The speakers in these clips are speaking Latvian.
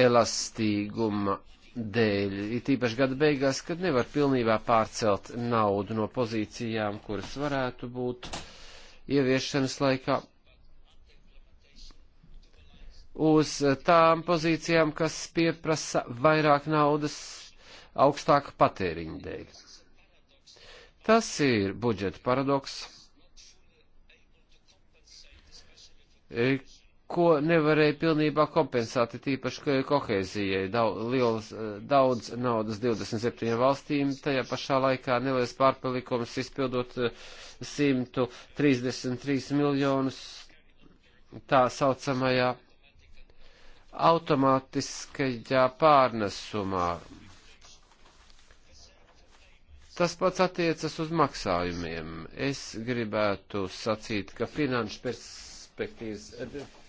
elastīguma dēļ, it īpaši gada beigās, kad nevar pilnībā pārcelt naudu no pozīcijām, kuras varētu būt ieviešanas laikā, uz tām pozīcijām, kas pieprasa vairāk naudas augstāka patēriņa dēļ. Tas ir budžeta paradoks, ko nevarēja pilnībā kompensēt, tīpaši kohēzijai. Daudz, liels, eh, daudz naudas 27 valstīm, tajā pašā laikā neliels pārpalikums izpildot 133 eh, miljonus tā saucamajā automātiskajā pārnesumā. Tas pats attiecas uz maksājumiem. Es gribētu sacīt, ka finanšu perspektīvas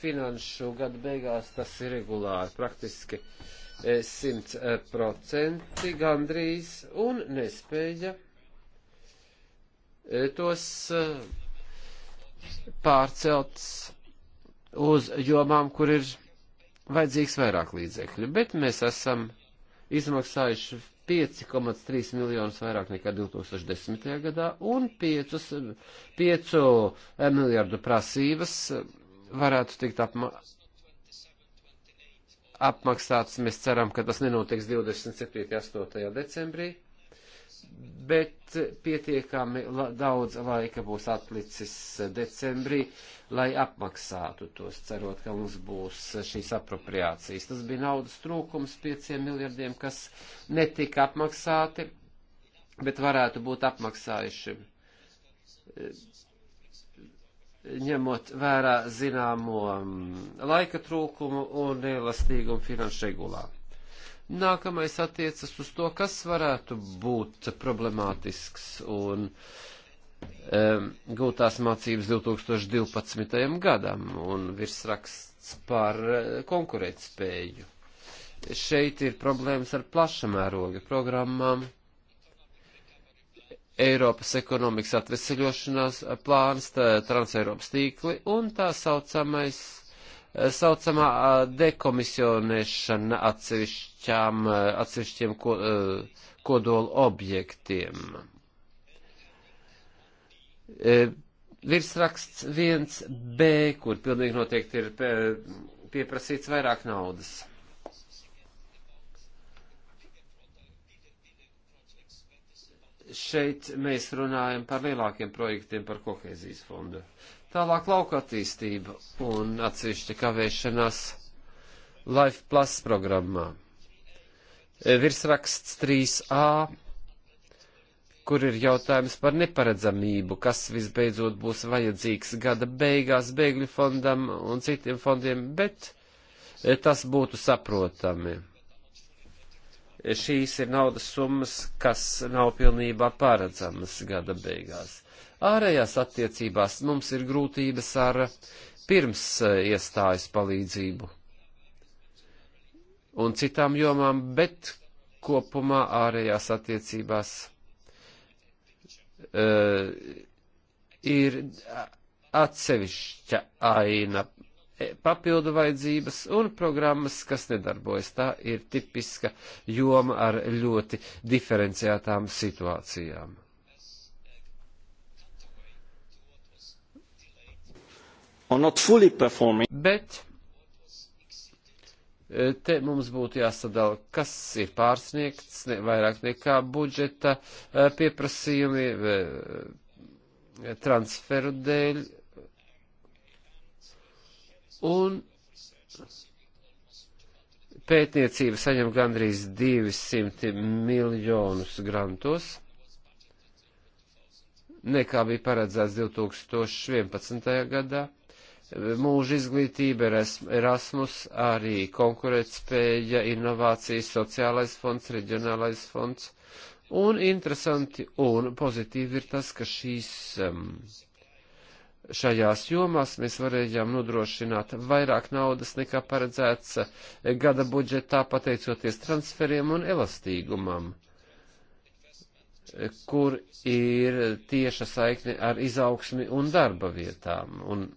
finanšu gadu beigās tas ir regulāri, praktiski 100% eh, eh, gandrīz, un nespēja eh, tos pārcelt uz jomām, kur ir vajadzīgs vairāk līdzekļu, bet mēs esam izmaksājuši 5,3 miljonus vairāk nekā 2010. gadā un 5, 5 miljardu prasības varētu tikt apma apmaksāts. Mēs ceram, ka tas nenotiks 27. un 8. decembrī, bet pietiekami la daudz laika būs atlicis decembrī, lai apmaksātu tos, cerot, ka mums būs šīs apropriācijas. Tas bija naudas trūkums 5 miljardiem, kas netika apmaksāti, bet varētu būt apmaksājuši ņemot vērā zināmo mm, laika trūkumu un elastīgumu finanšu regulā. Nākamais attiecas uz to, kas varētu būt problemātisks un um, gūtās mācības 2012. gadam un virsraksts par eh, konkurētspēju. Šeit ir problēmas ar plašamēroga programmām Eiropas ekonomikas atveseļošanās plāns, transeiropas tīkli un tā saucamais, eh, saucamā dekomisionēšana atsevišķām, atsevišķiem ko, kodolu objektiem. E, virsraksts 1B, kur pilnīgi noteikti ir e, pieprasīts vairāk naudas. šeit mēs runājam par lielākiem projektiem par kohēzijas fondu. Tālāk lauka attīstība un atsevišķa kavēšanās Life Plus programmā. Virsraksts 3A, kur ir jautājums par neparedzamību, kas visbeidzot būs vajadzīgs gada beigās bēgļu fondam un citiem fondiem, bet tas būtu saprotami šīs ir naudas summas, kas nav pilnībā paredzamas gada beigās. Ārējās attiecībās mums ir grūtības ar pirms eh, iestājas palīdzību un citām jomām, bet kopumā ārējās attiecībās uh, ir atsevišķa aina papildu vajadzības un programmas, kas nedarbojas. Tā ir tipiska joma ar ļoti diferenciētām situācijām. Bet eh, te mums būtu jāsadala, kas ir pārsniegts ne, vairāk nekā budžeta eh, pieprasījumi eh, transferu dēļ Un pētniecība saņem gandrīz 200 miljonus grantos, nekā bija paredzēts 2011. gadā. Mūža izglītība, Erasmus, arī konkurētspēja, inovācijas, sociālais fonds, reģionālais fonds. Un interesanti un pozitīvi ir tas, ka šīs um, šajās jomās mēs varējām nodrošināt vairāk naudas nekā paredzēts gada budžetā, pateicoties transferiem un elastīgumam, kur ir tieša saikne ar izaugsmi un darba vietām. Un,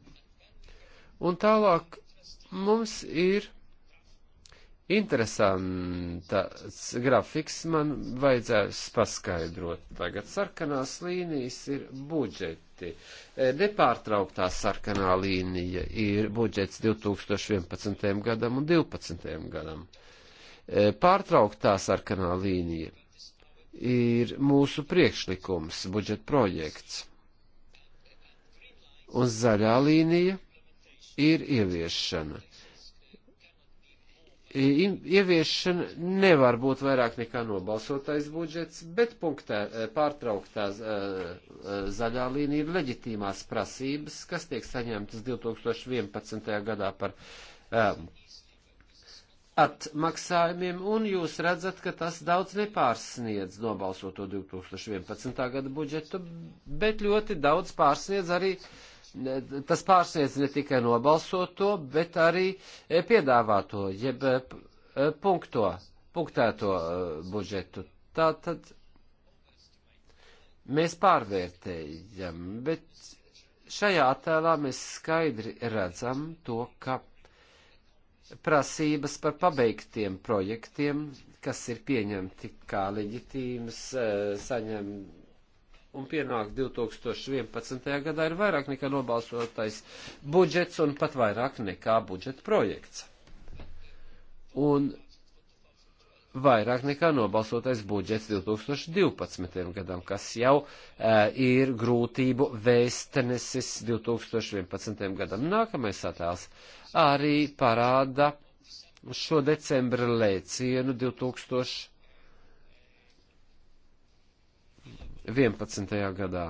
un tālāk mums ir Interesants grafiks man vajadzēs paskaidrot. Tagad sarkanās līnijas ir budžeti. E, nepārtrauktā sarkanā līnija ir budžets 2011. gadam un 2012. gadam. E, pārtrauktā sarkanā līnija ir mūsu priekšlikums, budžeta projekts. Un zaļā līnija ir ieviešana Ieviešana nevar būt vairāk nekā nobalsotais budžets, bet punktē, eh, pārtrauktā eh, eh, zaļā līnija ir leģitīmās prasības, kas tiek saņemtas 2011. gadā par um, atmaksājumiem, un jūs redzat, ka tas daudz nepārsniedz nobalsoto 2011. gada budžetu, bet ļoti daudz pārsniedz arī uh, tas pārsniedz ne tikai nobalsot to, bet arī e, piedāvāto, jeb e, e, punkto, punktēto budžetu. Tā tad mēs pārvērtējam, bet šajā attēlā mēs skaidri redzam to, ka prasības par pabeigtiem projektiem, kas ir pieņemti kā leģitīmas, saņem un pienāk 2011. gadā ir vairāk nekā nobalsotais budžets un pat vairāk nekā budžeta projekts. Un vairāk nekā nobalsotais budžets 2012. gadam, kas jau uh, ir grūtību vēstenesis 2011. gadam. Nākamais attēls arī parāda šo decembra lēcienu 2012 11. gadā.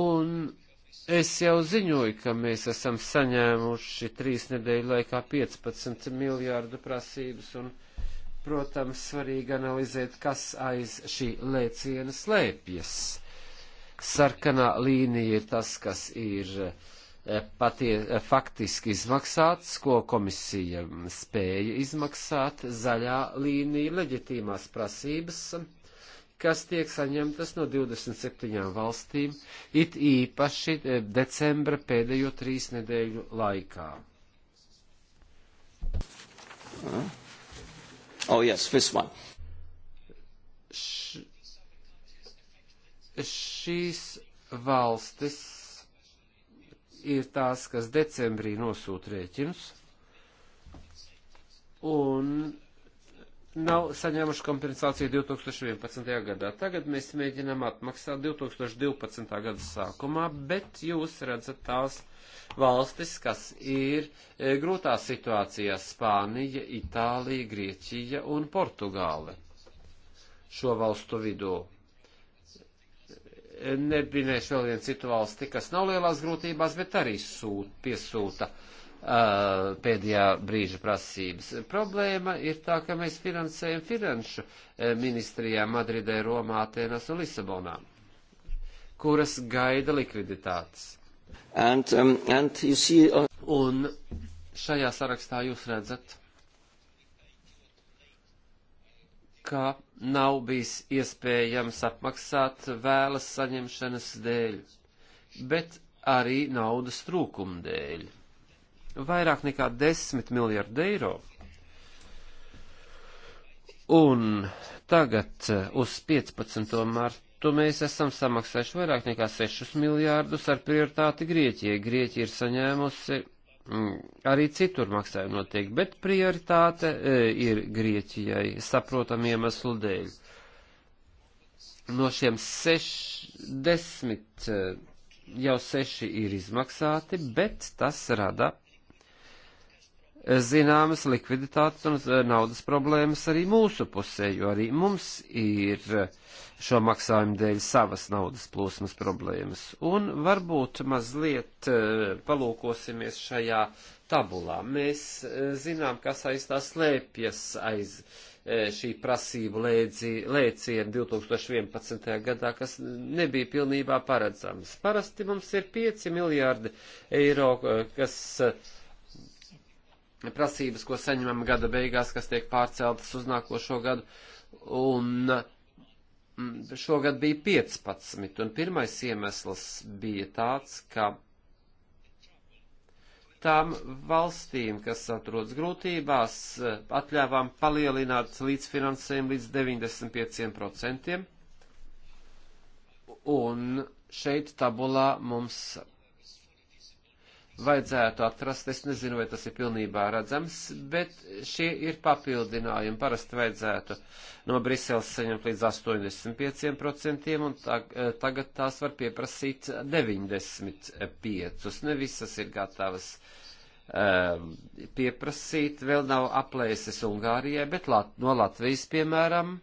Un es jau ziņoju, ka mēs esam saņēmuši trīs nedēļu laikā 15 miljārdu prasības un, protams, svarīgi analizēt, kas aiz šī lēciena slēpjas. Sarkanā līnija ir tas, kas ir uh, Eh, patie, eh, faktiski izmaksāts, ko komisija spēja izmaksāt, zaļā līnija leģitīmās prasības, kas tiek saņemtas no 27 valstīm, it īpaši eh, decembra pēdējo trīs nedēļu laikā. Uh-huh. Oh, yes, this one. Š šīs valstis ir tās, kas decembrī nosūta rēķinus un nav saņēmuši kompensāciju 2011. gadā. Tagad mēs mēģinām atmaksāt 2012. gada sākumā, bet jūs redzat tās valstis, kas ir e, grūtā situācijā - Spānija, Itālija, Grieķija un Portugāle. Šo valstu vidū Nepinēšu vēl vienu citu valsti, kas nav lielās grūtībās, bet arī sūt, piesūta uh, pēdējā brīža prasības. Problēma ir tā, ka mēs finansējam finanšu eh, ministrijā Madridē, Romā, Atenas un Lisabonā, kuras gaida likviditātes. And, um, and see... Uh, un šajā sarakstā jūs redzat ka nav bijis iespējams apmaksāt vēlas saņemšanas dēļ, bet arī naudas trūkuma dēļ. Vairāk nekā 10 miljardi eiro. Un tagad eh, uz 15. martu mēs esam samaksājuši vairāk nekā 6 miljārdus ar prioritāti Grieķijai. Grieķija ir saņēmusi Mm, arī citur maksājumi notiek, bet prioritāte e, ir Grieķijai saprotam iemeslu dēļ. No šiem seš, desmit e, jau seši ir izmaksāti, bet tas rada e, zināmas likviditātes un naudas problēmas arī mūsu pusē, jo arī mums ir uh, šo maksājumu dēļ savas naudas plūsmas problēmas. Un varbūt mazliet eh, palūkosimies šajā tabulā. Mēs eh, zinām, kas aiz tā slēpjas aiz eh, šī prasību lēciena 2011. gadā, kas nebija pilnībā paredzams. Parasti mums ir 5 miljārdi eiro, kas prasības, ko saņemam gada beigās, kas tiek pārceltas uz nākošo gadu. Un uh, Mm, šogad bija 15, un pirmais iemesls bija tāds, ka tām valstīm, kas atrodas grūtībās, eh, atļāvām palielināt līdzfinansējumu līdz 95%. Un šeit tabulā mums vajadzētu atrast. Es nezinu, vai tas ir pilnībā redzams, bet šie ir papildinājumi. Parasti vajadzētu no Briseles saņemt līdz 85%, un tag, eh, tagad tās var pieprasīt 95%. Ne visas ir gatavas um, pieprasīt, vēl nav aplēses Ungārijai, bet Lat no Latvijas, piemēram,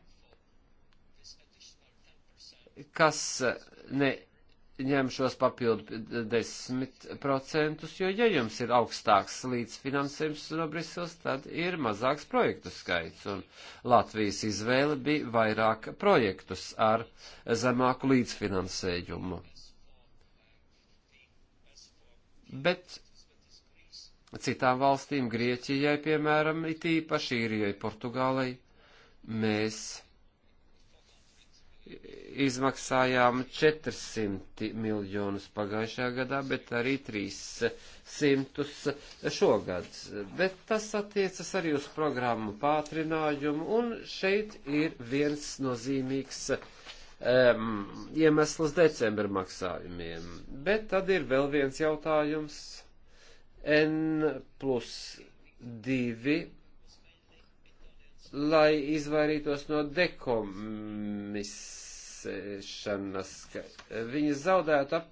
kas ne ņem šos papildu 10%, jo ja jums ir augstāks līdzfinansējums no Briseles, tad ir mazāks projektu skaits. Un Latvijas izvēle bija vairāk projektus ar zemāku līdzfinansējumu. Bet citām valstīm, Grieķijai, piemēram, it īpaši īrijai, Portugālei, mēs izmaksājām 400 miljonus pagājušajā gadā, bet arī 300 šogad. Bet tas attiecas arī uz programmu pātrinājumu, un šeit ir viens nozīmīgs um, iemesls decembra maksājumiem. Bet tad ir vēl viens jautājums. N plus 2 lai izvairītos no dekomisēšanas, ka viņi zaudētu ap.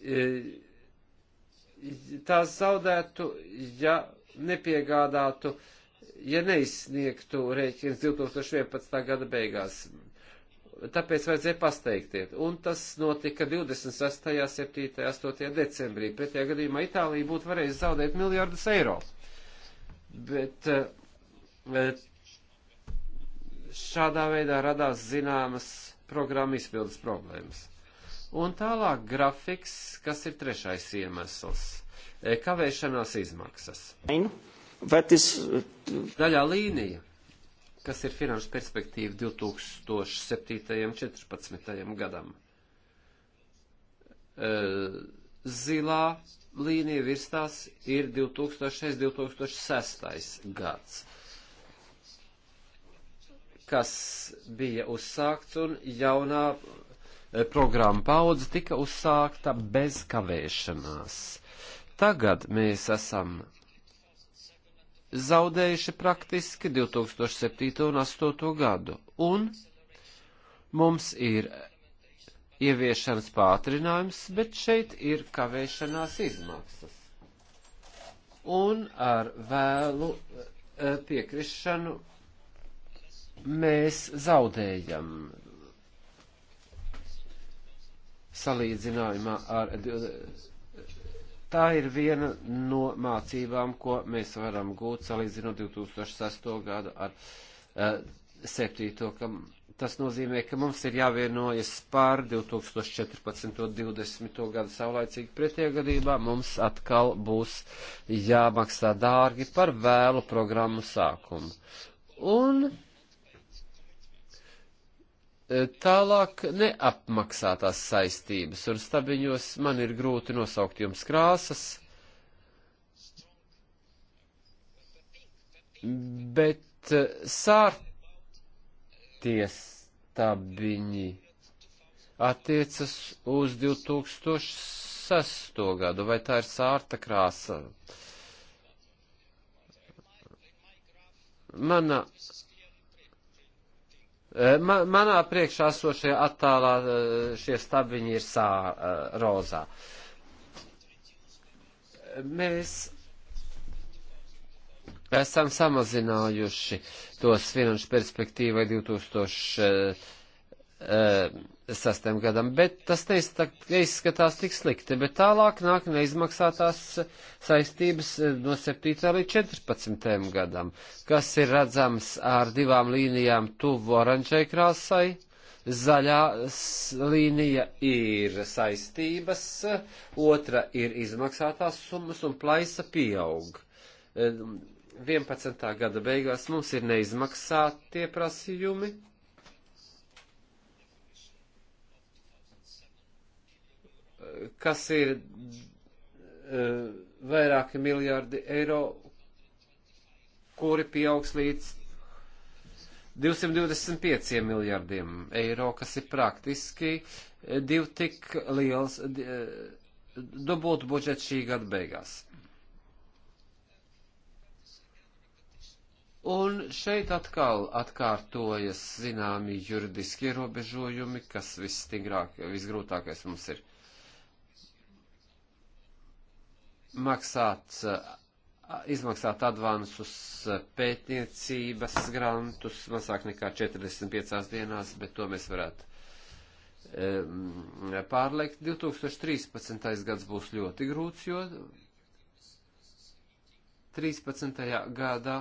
E, Tās zaudētu, ja nepiegādātu, ja neizsniegtu rēķins 2011. gada beigās tāpēc vajadzēja pasteigties. Un tas notika 26., 7., 8. decembrī. Pretējā gadījumā Itālija būtu varējusi zaudēt miljardus eiro. Bet, bet eh, šādā veidā radās zināmas programma izpildes problēmas. Un tālāk grafiks, kas ir trešais iemesls eh, - kavēšanās izmaksas. Eh, Daļā līnija kas ir finanšu perspektīva 2007.14. gadam. E, zilā līnija virs tās ir 2006-2006 gads, kas bija uzsākts un jaunā e, programma paudze tika uzsākta bez kavēšanās. Tagad mēs esam zaudējuši praktiski 2007. un 2008. gadu, un mums ir ieviešanas pātrinājums, bet šeit ir kavēšanās izmaksas. Un ar vēlu eh, piekrišanu mēs zaudējam salīdzinājumā ar eh, Tā ir viena no mācībām, ko mēs varam gūt salīdzinot 2006. gadu ar uh, 7. Kam, tas nozīmē, ka mums ir jāvienojas pār 2014. un 2020. gadu saulaicīgi pretie gadībā. Mums atkal būs jāmaksā dārgi par vēlu programmu sākumu. Un E, tālāk neapmaksātās saistības, un stabiņos man ir grūti nosaukt jums krāsas, bet e, sārties stabiņi attiecas uz 2006. gadu, vai tā ir sārta krāsa? Mana Eh, Man, manā priekšā esošie attālā eh, šie stabiņi ir sā eh, rozā. Mēs esam samazinājuši tos finanšu perspektīvai 2000. Uh, uh, sastajam gadam, bet tas neizskatās tik slikti, bet tālāk nāk neizmaksātās saistības eh, no 7. līdz 14. gadam, kas ir redzams ar divām līnijām tuvu oranžai krāsai. Zaļā līnija ir saistības, otra ir izmaksātās summas un plaisa pieaug. 11. Eh, gada beigās mums ir neizmaksātie prasījumi, kas ir e, vairāki miljardi eiro, kuri pieaugs līdz 225 miljardiem eiro, kas ir praktiski e, divi tik liels e, dubultu budžets šī gada beigās. Un šeit atkal atkārtojas zināmi juridiski ierobežojumi, kas visstingrāk, visgrūtākais mums ir maksāt, eh, izmaksāt advansus eh, pētniecības grantus mazāk nekā 45 dienās, bet to mēs varētu eh, pārliekt. 2013. gads būs ļoti grūts, jo 13. gadā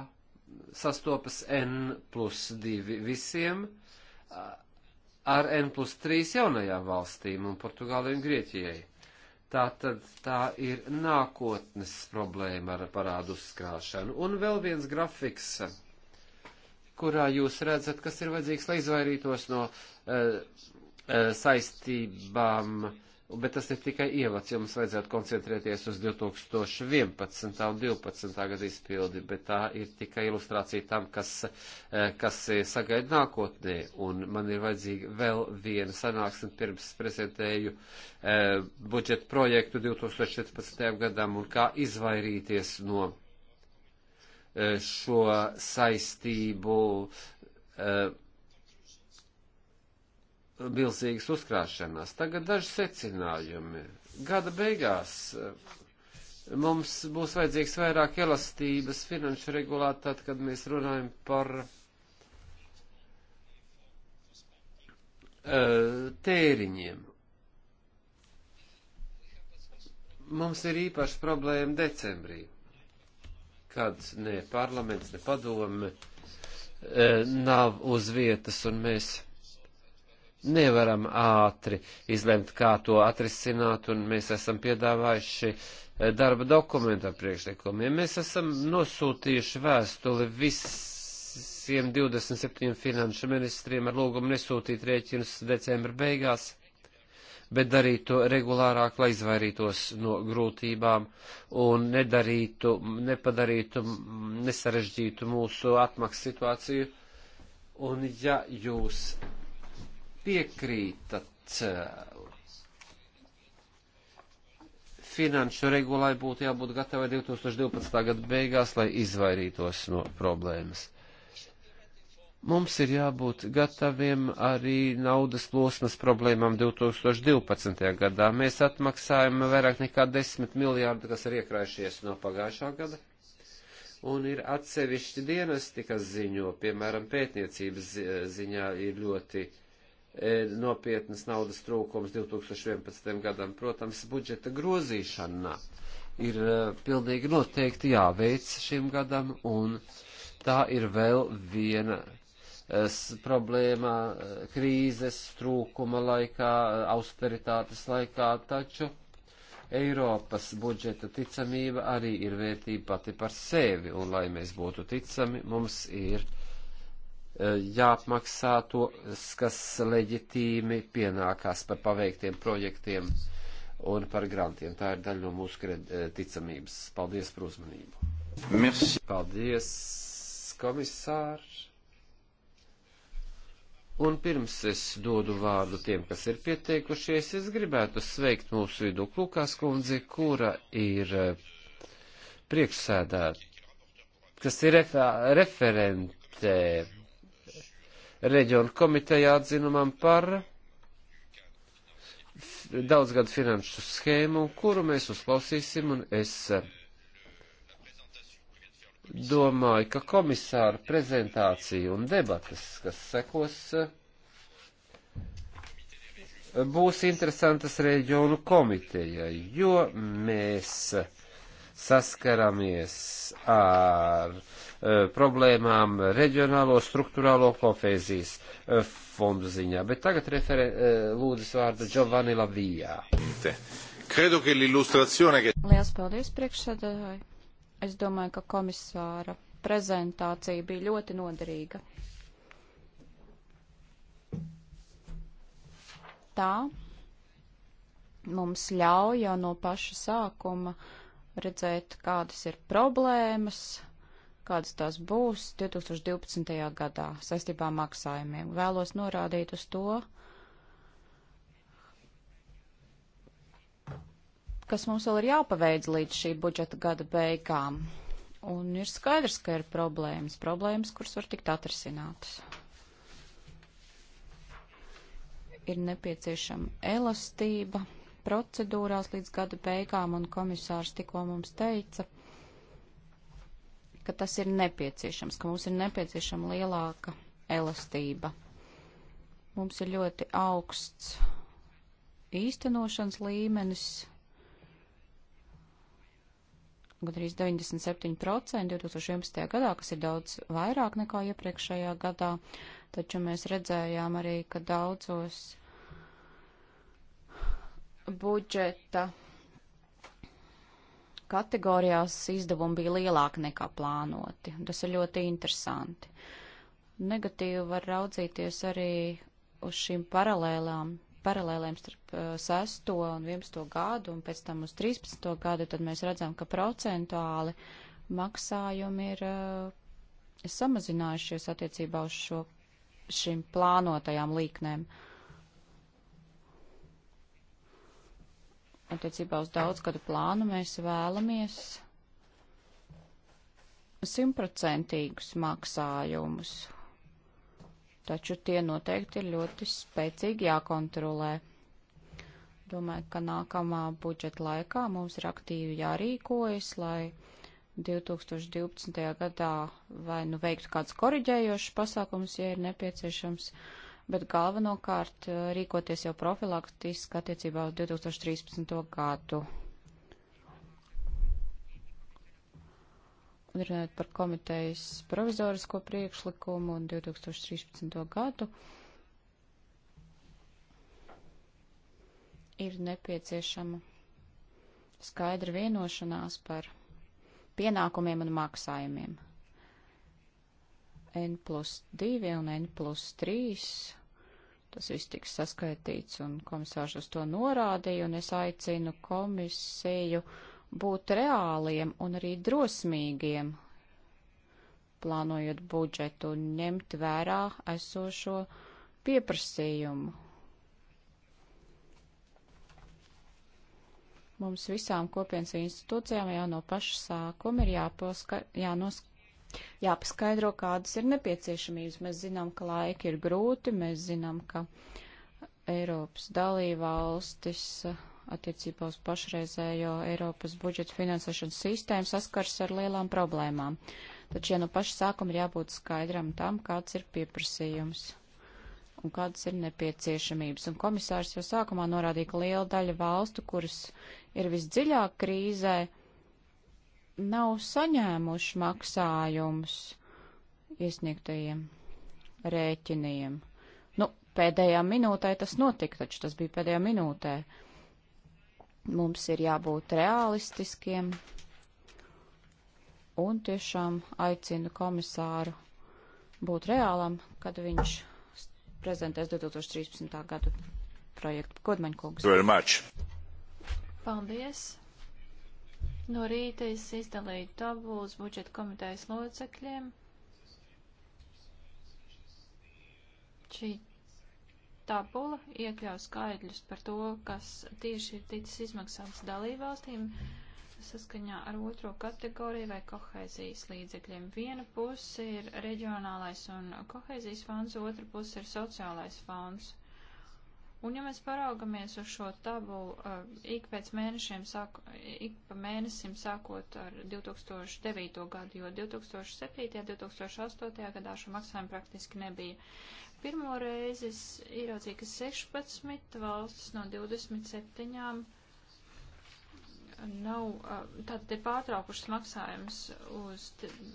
sastopas N plus 2 visiem ar N plus 3 jaunajām valstīm un Portugālei un Grieķijai. Tā tad tā ir nākotnes problēma ar parādu uzkrāšanu. Un vēl viens grafiks, kurā jūs redzat, kas ir vajadzīgs, lai izvairītos no uh, uh, saistībām uh, bet tas ir tikai ievads, jo mums vajadzētu koncentrēties uz 2011. un 2012. gada izpildi, bet tā ir tikai ilustrācija tam, kas, eh, kas eh, sagaida nākotnē, un man ir vajadzīga vēl viena sanāksme pirms prezentēju eh, budžetu projektu 2014. gadam un kā izvairīties no eh, šo saistību eh, milzīgas uzkrāšanās. Tagad daži secinājumi. Gada beigās eh, mums būs vajadzīgs vairāk elastības finanšu regulātā, kad mēs runājam par eh, tēriņiem. Mums ir īpaši problēma decembrī, kad ne parlaments, ne padome eh, nav uz vietas, un mēs nevaram ātri izlemt, kā to atrisināt, un mēs esam piedāvājuši eh, darba dokumentu ar priekšlikumiem. Mēs esam nosūtījuši vēstuli visiem 27 finanšu ministriem ar lūgumu nesūtīt rēķinus decembra beigās, bet darīt to regulārāk, lai izvairītos no grūtībām un nedarītu, nepadarītu, nesarežģītu mūsu atmaksu situāciju. Un ja jūs piekrītat eh, finanšu regulai būtu jābūt gatavai 2012. gada beigās, lai izvairītos no problēmas. Mums ir jābūt gataviem arī naudas plosmas problēmām 2012. gadā. Mēs atmaksājam vairāk nekā 10 miljārdu, kas ir iekrājušies no pagājušā gada. Un ir atsevišķi dienesti, kas ziņo, piemēram, pētniecības ziņā ir ļoti uh, E, nopietnas naudas trūkums 2011. gadam. Protams, budžeta grozīšana ir e, pilnīgi noteikti jāveic šim gadam, un tā ir vēl viena e, problēma krīzes trūkuma laikā, austeritātes laikā, taču Eiropas budžeta ticamība arī ir vērtība pati par sevi, un lai mēs būtu ticami, mums ir Eh, jāapmaksā tos, kas leģitīmi pienākās par paveiktiem projektiem un par grantiem. Tā ir daļa no mūsu kred, eh, ticamības. Paldies par uzmanību. Merci. Paldies, komisārs. Un pirms es dodu vārdu tiem, kas ir pieteikušies, es gribētu sveikt mūsu vidū Lukās kundzi, kura ir eh, priekšsēdētāja, kas ir referente reģionu komiteja atzinumam par daudzgadu finanšu schēmu, kuru mēs uzklausīsim, un es eh, domāju, ka komisāra prezentācija un debatas, kas sekos, eh, būs interesantas reģionu komitejai, jo mēs saskaramies ar e, problēmām reģionālo struktūrālo kohēzijas e, fondu ziņā. Bet tagad referē e, lūdzas vārdu Giovanni Lavijā. Liels paldies priekšsēdētāji. Es domāju, ka komisāra prezentācija bija ļoti noderīga. Tā mums ļauj jau no paša sākuma uh, redzēt, kādas ir problēmas, kādas tās būs 2012. gadā saistībā maksājumiem. Vēlos norādīt uz to, kas mums vēl ir jāpaveic līdz šī budžeta gada beigām. Un ir skaidrs, ka ir problēmas, problēmas, kuras var tikt atrisinātas. Ir nepieciešama elastība, procedūrās līdz gada beigām, un komisārs tikko mums teica, ka tas ir nepieciešams, ka mums ir nepieciešama lielāka elastība. Mums ir ļoti augsts īstenošanas līmenis, gandrīz 97% 2011. gadā, kas ir daudz vairāk nekā iepriekšējā gadā, taču mēs redzējām arī, ka daudzos budžeta kategorijās izdevumi bija lielāki nekā plānoti. Tas ir ļoti interesanti. Negatīvi var raudzīties arī uz šīm paralēlām, paralēlēm starp 6. Uh, un 11. gadu un pēc tam uz 13. gadu, tad mēs redzam, ka procentuāli maksājumi ir uh, samazinājušies attiecībā uz šo, šīm plānotajām līknēm. Uh, attiecībā uz daudzgadu plānu mēs vēlamies simtprocentīgus maksājumus, taču tie noteikti ir ļoti spēcīgi jākontrolē. Domāju, ka nākamā budžeta laikā mums ir aktīvi jārīkojas, lai 2012. gadā vai nu veiktu kāds koriģējošs pasākums, ja ir nepieciešams, uh, bet galvenokārt eh, rīkoties jau profilaktiski attiecībā uz 2013. gadu. Un runājot par komitejas provizorisko priekšlikumu un 2013. gadu, ir nepieciešama skaidra vienošanās par pienākumiem un maksājumiem. N plus 2 un N plus 3. Tas viss tiks saskaitīts un komisārs uz to norādīja, un es aicinu komisiju būt reāliem un arī drosmīgiem, plānojot budžetu un ņemt vērā esošo pieprasījumu. Mums visām kopienas institūcijām jau no paša sākuma ir jāposka, jānos, jāpaskaidro, kādas ir nepieciešamības. Mēs zinām, ka laiki ir grūti, mēs zinām, ka Eiropas dalībvalstis eh, attiecībā uz pašreizējo Eiropas budžeta finansēšanas sistēmu saskars ar lielām problēmām. Taču, ja no paša sākuma ir jābūt skaidram tam, kāds ir pieprasījums un kādas ir nepieciešamības. Un komisārs jau sākumā norādīja, ka liela daļa valstu, kuras ir visdziļāk krīzē, uh, nav saņēmuši maksājumus iesniegtajiem rēķiniem. Nu, pēdējā minūtē tas notika, taču tas bija pēdējā minūtē. Mums ir jābūt realistiskiem un tiešām aicinu komisāru būt reālam, kad viņš prezentēs 2013. gadu projektu. Godmaņkungs. Paldies! No rīta es izdalīju tabulas budžeta komitejas locekļiem. Šī tabula iekļaus skaidļus par to, kas tieši ir ticis izmaksāts dalībvalstīm saskaņā ar otro kategoriju vai kohēzijas līdzekļiem. Viena puse ir reģionālais un kohēzijas fonds, otra puse ir sociālais fonds. Un ja mēs paraugamies uz šo tabulu, eh, ik pēc mēnešiem, sāk, ik pa mēnesim sākot ar 2009. gadu, jo 2007. un 2008. gadā šo maksājumu praktiski nebija. Pirmo reizi es ieraudzīju, ka 16 valstis no 27 nav, tātad ir pārtraukušas maksājums uz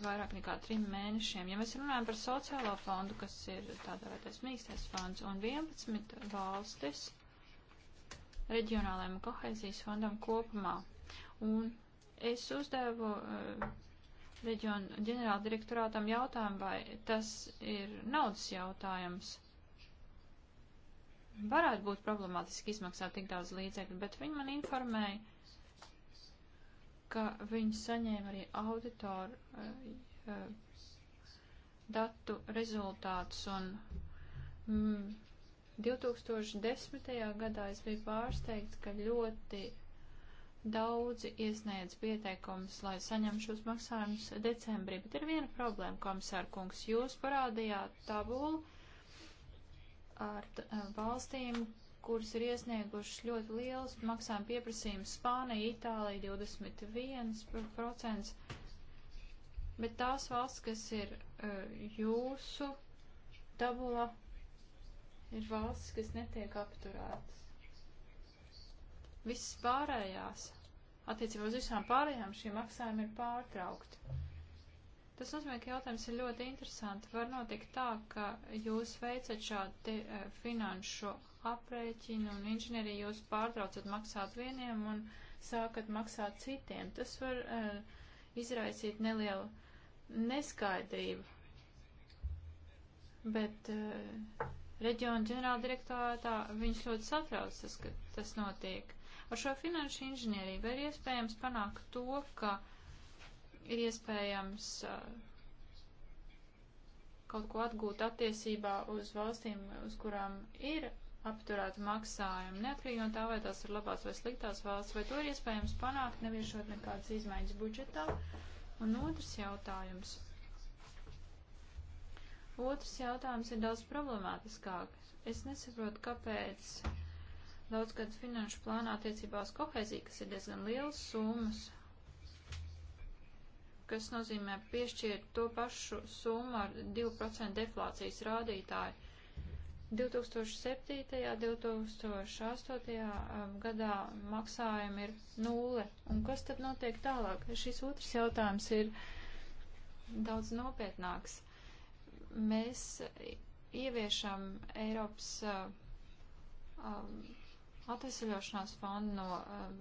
vairāk nekā trim mēnešiem. Ja mēs runājam par sociālo fondu, kas ir tādā vērtais mīkstais fonds, un 11 valstis reģionālajiem kohēzijas fondam kopumā. Un es uzdevu uh, reģionu ģenerāla direktorātam jautājumu, vai tas ir naudas jautājums varētu būt problemātiski izmaksāt tik daudz līdzekļu, bet viņi man informēja, ka viņi saņēma arī auditoru uh, datu rezultātus. Un mm, 2010. gadā es biju pārsteigts, ka ļoti daudzi iesniedz pieteikumus, lai saņemtu šos maksājumus decembrī. Bet ir viena problēma, komisārkungs. Jūs parādījāt tabulu ar eh, valstīm, kuras ir iesniegušas ļoti liels maksājuma pieprasījums Spānija, Itālija 21%, bet tās valsts, kas ir eh, jūsu tabula, ir valsts, kas netiek apturētas. Viss pārējās, attiecībā uz visām pārējām, šie maksājumi ir pārtraukti. Tas nozīmē, ka jautājums ir ļoti interesants. Var notikt tā, ka jūs veicat šādu te, eh, finanšu aprēķinu un inženieri jūs pārtraucat maksāt vieniem un sākat maksāt citiem. Tas var uh, izraisīt nelielu neskaidrību. Bet uh, reģiona ģenerāldirektorātā viņš ļoti satraucas, ka tas notiek. Ar šo finanšu inženierību ir iespējams panākt to, ka ir iespējams uh, kaut ko atgūt attiecībā uz valstīm, uz kurām ir apturētu maksājumu, neatkarīgi no tā, vai tās ir labās vai sliktās valsts, vai to ir iespējams panākt, neviešot nekādas izmaiņas budžetā. Un otrs jautājums. Otrs jautājums ir daudz problemātiskāks. Es nesaprotu, kāpēc daudzgadu finanšu plānā attiecībā uz koheziju, kas ir diezgan liels summas, kas nozīmē piešķirt to pašu summu ar 2% deflācijas rādītāju 2007. 2008. Um, gadā maksājumi ir nulle. Un kas tad notiek tālāk? Šis otrs jautājums ir daudz nopietnāks. Mēs ieviešam Eiropas uh, um, atvesaļošanās fondu no um,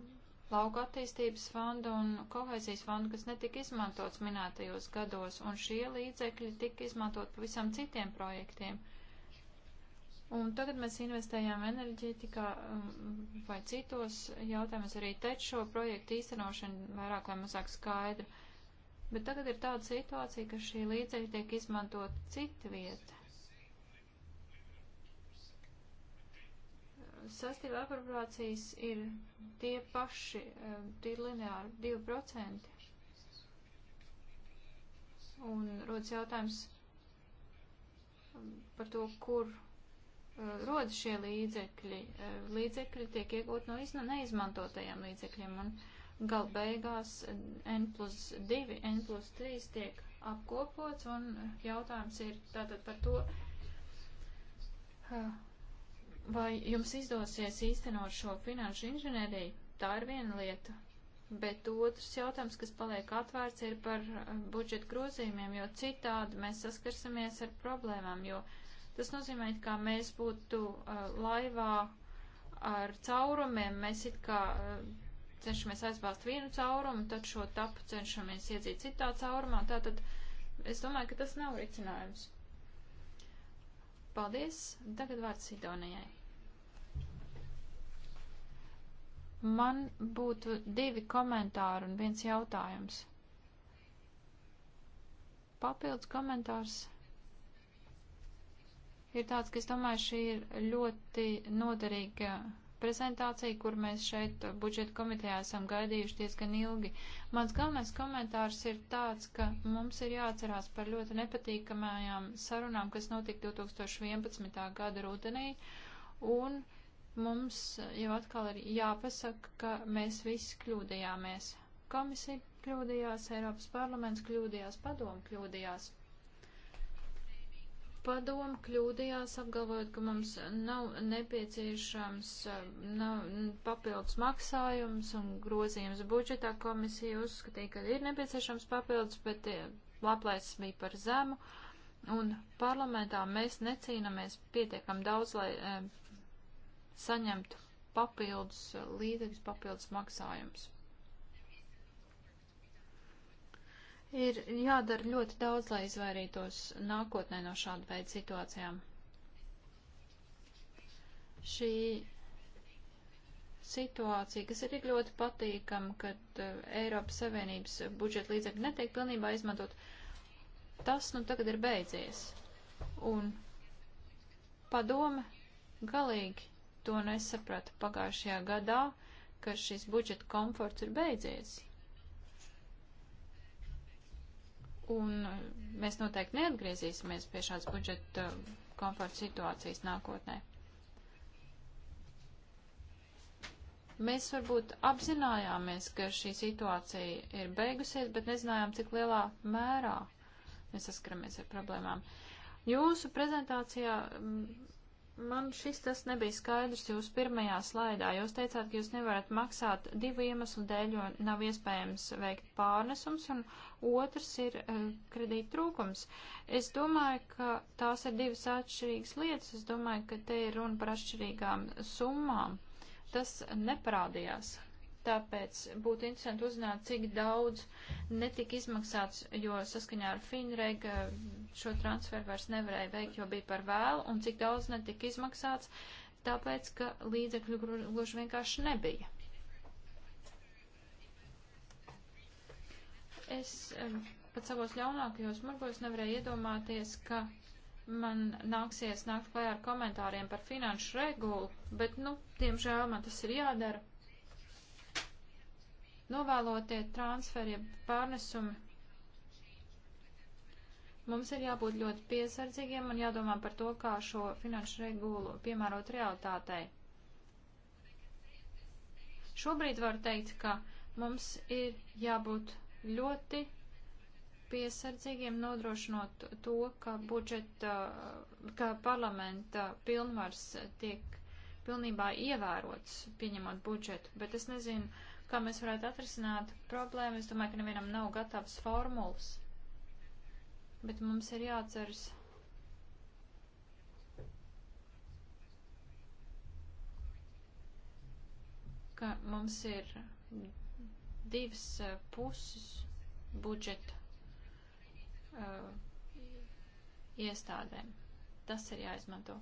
lauka attīstības fondu un kohēzijas fondu, kas netika izmantots minētajos gados, un šie līdzekļi tika izmantot pavisam citiem projektiem. Un tagad mēs investējām enerģētikā um, vai citos jautājumus arī taču šo projektu īstenošanu vairāk vai mazāk skaidra. Bet tagad ir tāda situācija, ka šī līdzekļa tiek izmantot cita vieta. Sastīva apropriācijas ir tie paši, um, tie ir lineāri 2%. Un rodas jautājums um, par to, kur Eh, rodas šie līdzekļi. Eh, līdzekļi tiek iegūti no izna, neizmantotajiem līdzekļiem, un gal beigās eh, N plus 2, N plus 3 tiek apkopots, un jautājums ir tātad par to, vai jums izdosies īstenot šo finanšu inženēriju. Tā ir viena lieta. Bet otrs jautājums, kas paliek atvērts, ir par budžeta grozījumiem, jo citādi mēs saskarsimies ar problēmām, jo uh, Tas nozīmē, ka mēs būtu uh, laivā ar caurumiem, mēs it kā uh, cenšamies aizbāzt vienu caurumu, tad šo tapu cenšamies iedzīt citā caurumā. Tātad es domāju, ka tas nav ricinājums. Paldies. Tagad vārds Sidonijai. Man būtu divi komentāri un viens jautājums. Papildus komentārs ir tāds, ka es domāju, šī ir ļoti noderīga prezentācija, kur mēs šeit budžeta komitejā esam gaidījuši diezgan ilgi. Mans galvenais komentārs ir tāds, ka mums ir jāatcerās par ļoti nepatīkamajām sarunām, kas notika 2011. gada rudenī, un mums jau atkal ir jāpasaka, ka mēs visi kļūdījāmies. Komisija kļūdījās, Eiropas parlaments kļūdījās, padomu kļūdījās. Padoma kļūdījās apgalvojot, ka mums nav nepieciešams eh, nav papildus maksājums un grozījums budžetā. Komisija uzskatīja, ka ir nepieciešams papildus, bet eh, laplēs bija par zemu. Un parlamentā mēs necīnāmies pietiekam daudz, lai e, saņemtu papildus līdzekļus, papildus maksājumus. Ir jādara ļoti daudz, lai izvairītos nākotnē no šāda veida situācijām. Šī situācija, kas ir tik ļoti patīkama, kad uh, Eiropas Savienības budžeta līdzekļi netiek pilnībā izmantot, tas nu tagad ir beidzies. Un padome galīgi to nesaprata pagājušajā gadā, ka šis budžeta komforts ir beidzies. Un mēs noteikti neatgriezīsimies pie šādas budžeta uh, komforta situācijas nākotnē. Mēs varbūt apzinājāmies, ka šī situācija ir beigusies, bet nezinājām, cik lielā mērā mēs saskaramies ar problēmām. Jūsu prezentācijā mm, man šis tas nebija skaidrs jūs pirmajā slaidā. Jūs teicāt, ka jūs nevarat maksāt divu iemeslu dēļ, jo nav iespējams veikt pārnesums, un otrs ir uh, kredīt trūkums. Es domāju, ka tās ir divas atšķirīgas lietas. Es domāju, ka te ir runa par atšķirīgām summām. Tas neparādījās. Tāpēc būtu interesanti uzzināt, cik daudz netika izmaksāts, jo saskaņā ar Finreg eh, šo transferu vairs nevarēja veikt, jo bija par vēlu, un cik daudz netika izmaksāts, tāpēc, ka līdzekļu gluži vienkārši nebija. Es pat savos ļaunākajos murgos nevarēju iedomāties, ka man nāksies nākt klajā ar komentāriem par finanšu regulu, bet, nu, diemžēl man tas ir jādara. Novēlotie transferi, pārnesumi. Mums ir jābūt ļoti piesardzīgiem un jādomā par to, kā šo finanšu regulu piemērot realitātei. Šobrīd var teikt, ka mums ir jābūt ļoti piesardzīgiem nodrošinot to, ka budžeta, ka parlamenta pilnvars tiek pilnībā ievērots, pieņemot budžetu, bet es nezinu, kā mēs varētu atrisināt problēmu. Es domāju, ka nevienam nav gatavs formulas, bet mums ir jāatceras. ka mums ir divas eh, puses budžeta uh, iestādēm. Tas ir jāizmanto.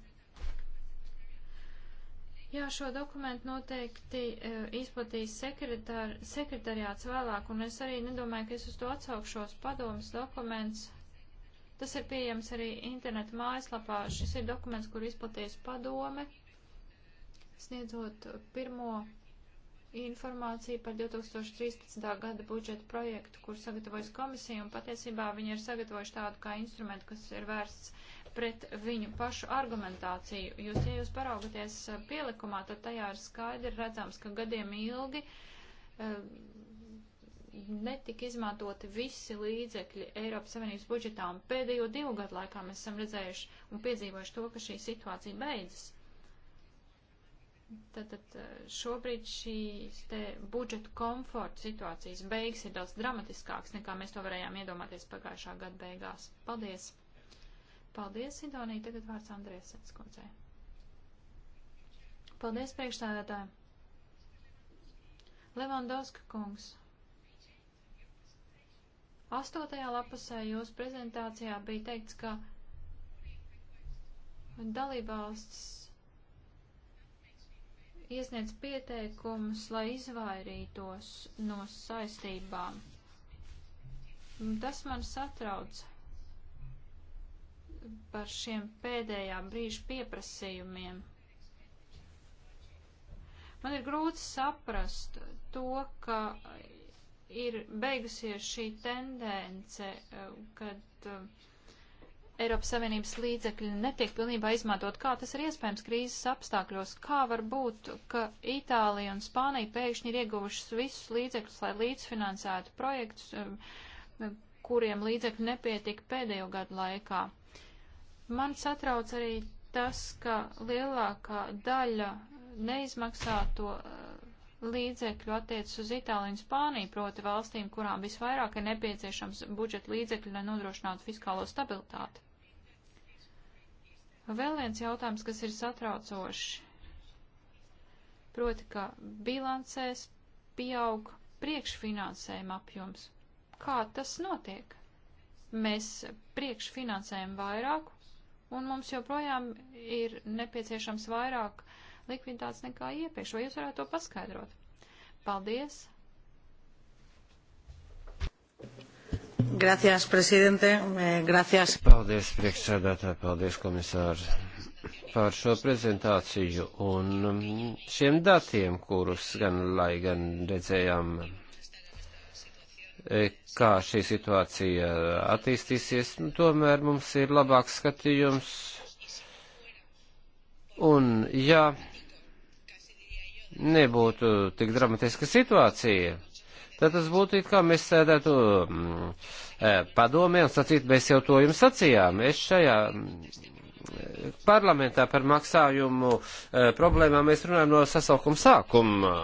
Jā, šo dokumentu noteikti uh, izplatīs sekretar, sekretariāts vēlāk, un es arī nedomāju, ka es uz to atsaukšos padomas dokuments. Tas ir pieejams arī interneta mājaslapā. Šis ir dokuments, kur izplatīs padome, sniedzot pirmo informāciju par 2013. gada budžeta projektu, kur sagatavojas komisija, un patiesībā viņi ir sagatavojuši tādu kā instrumentu, kas ir vērsts pret viņu pašu argumentāciju. Jūs, ja jūs paraugaties eh, pielikumā, tad tajā ir skaidri redzams, ka gadiem ilgi uh, netika izmantoti visi līdzekļi Eiropas Savienības budžetā, un pēdējo divu gadu laikā mēs esam redzējuši un piedzīvojuši to, ka šī situācija beidzas. Tātad eh, šobrīd šīs te budžeta komforta situācijas beigas ir daudz dramatiskāks, nekā mēs to varējām iedomāties pagājušā gada beigās. Paldies! Paldies, Sidonija! Tagad vārds Andrēs Senskundzei. Paldies, priekšstādātāji! Levandovska kungs! Astotajā lapasē jūsu prezentācijā bija teikts, ka dalībvalsts iesniedz pieteikumus, lai izvairītos no saistībām. Tas man satrauc par šiem pēdējā brīža pieprasījumiem. Man ir grūti saprast to, ka ir beigusies šī tendence, eh, kad uh, Eiropas Savienības līdzekļi netiek pilnībā izmantot. Kā tas ir iespējams krīzes apstākļos? Kā var būt, ka Itālija un Spānija pēkšņi ir ieguvušas visus līdzekļus, lai līdzfinansētu projektus, um, kuriem līdzekļi nepietika pēdējo gadu laikā? Man satrauc arī tas, ka lielākā daļa neizmaksāto uh, līdzekļu attiec uz Itāliju un Spāniju, proti valstīm, kurām visvairāk ir nepieciešams budžeta līdzekļu, lai nodrošinātu fiskālo stabilitāti. Vēl viens jautājums, kas ir satraucoši. Proti, ka bilancēs pieaug priekšfinansējuma apjoms. Kā tas notiek? Mēs priekšfinansējam vairāk, un mums joprojām ir nepieciešams vairāk likviditātes nekā iepriekš. Vai jūs varētu to paskaidrot? Paldies! Gracias, prezidente. Eh, gracias. Paldies, priekšsēdētāji, paldies, komisārs, par šo prezentāciju un šiem datiem, kurus gan lai gan redzējām eh, kā šī situācija attīstīsies, nu, tomēr mums ir labāks skatījums. Un, ja nebūtu tik dramatiska situācija, Tad tas būtu it kā mēs sēdētu mm, e, padomē un sacītu, mēs jau to jums sacījām. Es šajā mm, parlamentā par maksājumu e, problēmām mēs runājam no sasaukuma sākuma.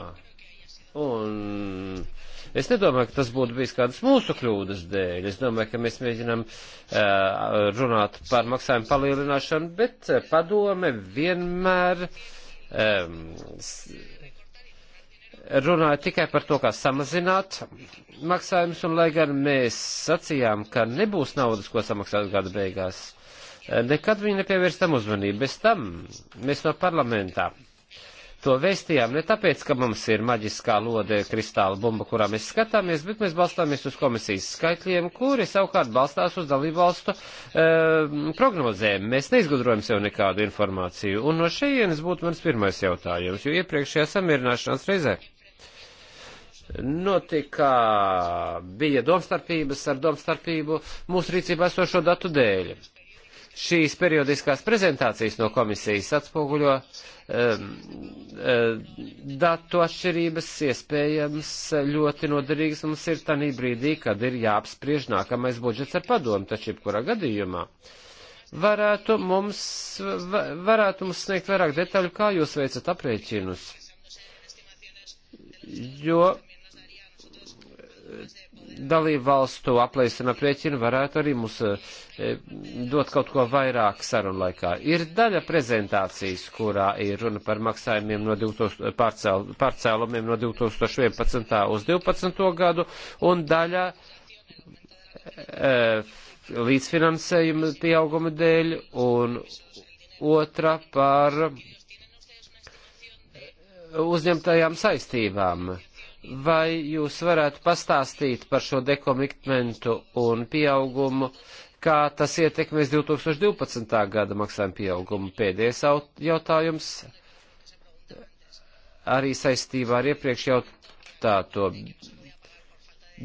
Un es nedomāju, ka tas būtu bijis kādas mūsu kļūdas dēļ. Es domāju, ka mēs mēģinām e, runāt par maksājumu palielināšanu, bet e, padome vienmēr. E, runāja tikai par to, kā samazināt maksājumus, un lai gan mēs sacījām, ka nebūs naudas, ko samaksāt gada beigās, eh, nekad viņi nepievērs tam uzmanību. Bez tam mēs no parlamentā to vēstījām ne tāpēc, ka mums ir maģiskā lode kristāla bumba, kurā mēs skatāmies, bet mēs balstāmies uz komisijas skaitļiem, kuri savukārt balstās uz dalībvalstu e, eh, prognozēm. Mēs neizgudrojam sev nekādu informāciju. Un no šejienes būtu mans pirmais jautājums, jo iepriekšējā samierināšanās reizē notika, bija domstarpības ar domstarpību mūsu rīcībā esošo datu dēļ. Šīs periodiskās prezentācijas no komisijas atspoguļo um, uh, datu atšķirības iespējams ļoti noderīgas mums ir tanī brīdī, kad ir jāapspriež nākamais budžets ar padomu, taču jebkurā gadījumā varētu mums, varētu mums sniegt vairāk detaļu, kā jūs veicat aprēķinus jo dalību valstu aplēsina aprēķina varētu arī mums e, e, dot kaut ko vairāk sarunu laikā. Ir daļa prezentācijas, kurā ir runa par maksājumiem no 2000, pārcēl, pārcēlumiem no 2011. uz 2012. gadu un daļa e, līdzfinansējuma pieauguma dēļ un otra par uzņemtajām saistībām vai jūs varētu pastāstīt par šo dekomitmentu un pieaugumu, kā tas ietekmēs 2012. gada maksājumu pieaugumu? Pēdējais jautājums arī saistībā ar iepriekš jautāto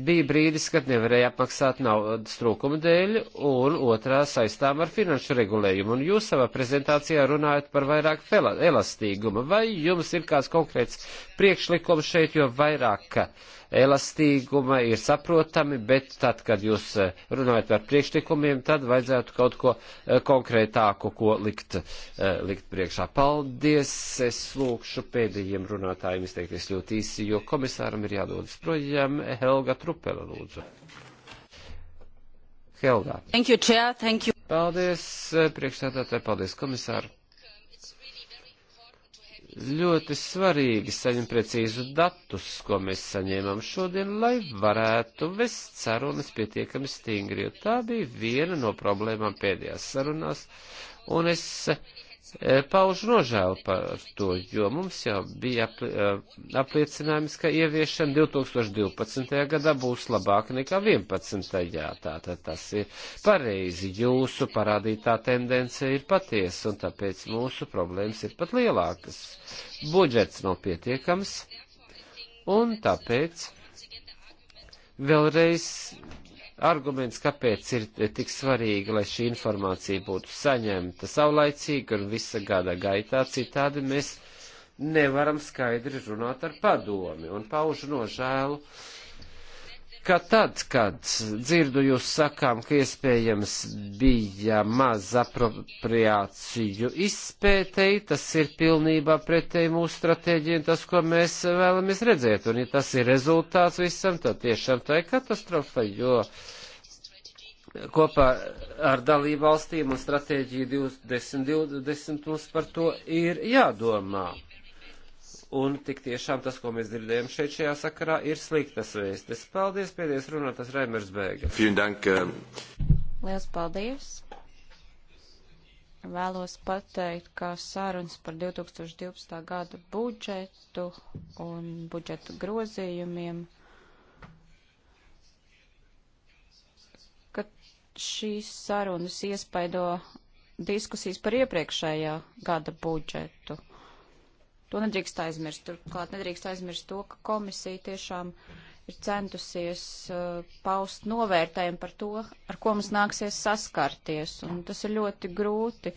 bija brīdis, kad nevarēja apmaksāt naudas trūkuma dēļ, un otrā saistām ar finanšu regulējumu. Un jūs savā prezentācijā runājat par vairāk elastīguma. Vai jums ir kāds konkrēts priekšlikums šeit, jo vairāk elastīguma ir saprotami, bet tad, kad jūs eh, runājat par priekšlikumiem, tad vajadzētu kaut ko eh, konkrētāku, ko likt, eh, likt priekšā. Paldies! Es lūkšu pēdējiem runātājiem izteikties ļoti īsi, jo komisāram ir jādodas projām. Helga Trupela lūdzu. Helga. Thank you, Chair. Thank you. Paldies, priekšstādātāji, paldies, komisāri ļoti svarīgi saņemt precīzu datus, ko mēs saņēmām šodien, lai varētu vest sarunas pietiekami stingri, jo tā bija viena no problēmām pēdējās sarunās, un es uh, E, pauž nožēlu par to, jo mums jau bija e, apliecinājums, ka ieviešana 2012. gadā būs labāka nekā 11. Tātad tas ir pareizi. Jūsu parādītā tendence ir patiesa, un tāpēc mūsu problēmas ir pat lielākas. Budžets nav pietiekams, un tāpēc vēlreiz arguments, kāpēc ir tik svarīgi, lai šī informācija būtu saņemta saulaicīgi un visa gada gaitā, citādi mēs nevaram skaidri runāt ar padomi un paužu nožēlu. Uh, ka tad, kad dzirdu jūs sakām, ka iespējams bija maz apropriāciju izpētei, tas ir pilnībā pretēji mūsu stratēģijai, tas, ko mēs vēlamies redzēt. Un ja tas ir rezultāts visam, tad tiešām tā ir katastrofa, jo kopā ar dalību valstīm un stratēģiju 2020 mums par to ir jādomā. Un tik tiešām tas, ko mēs dzirdējam šeit šajā sakarā, ir sliktas vēstis. Paldies, pēdējais runātājs Raimers Bēga. Eh. Liels paldies! Vēlos pateikt, ka sarunas par 2012. gada budžetu un budžetu grozījumiem šīs sarunas iespaido diskusijas par iepriekšējā gada budžetu. To nedrīkst aizmirst. Turklāt nedrīkst aizmirst to, ka komisija tiešām ir centusies uh, paust novērtējumu par to, ar ko mums nāksies saskarties. Un tas ir ļoti grūti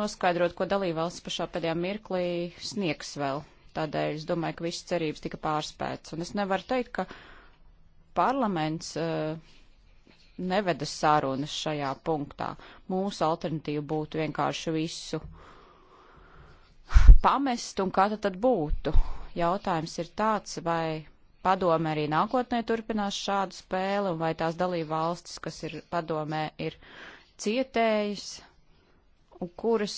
noskaidrot, ko dalībvalsts pašā pēdējā mirklī sniegs vēl. Tādēļ es domāju, ka visas cerības tika pārspēts. Un es nevaru teikt, ka parlaments uh, neveda sarunas šajā punktā. Mūsu alternatīva būtu vienkārši visu uh, pamest un kā tad, tad būtu? Jautājums ir tāds, vai padome arī nākotnē turpinās šādu spēli, un vai tās dalība valstis, kas ir padomē, ir cietējas, un kuras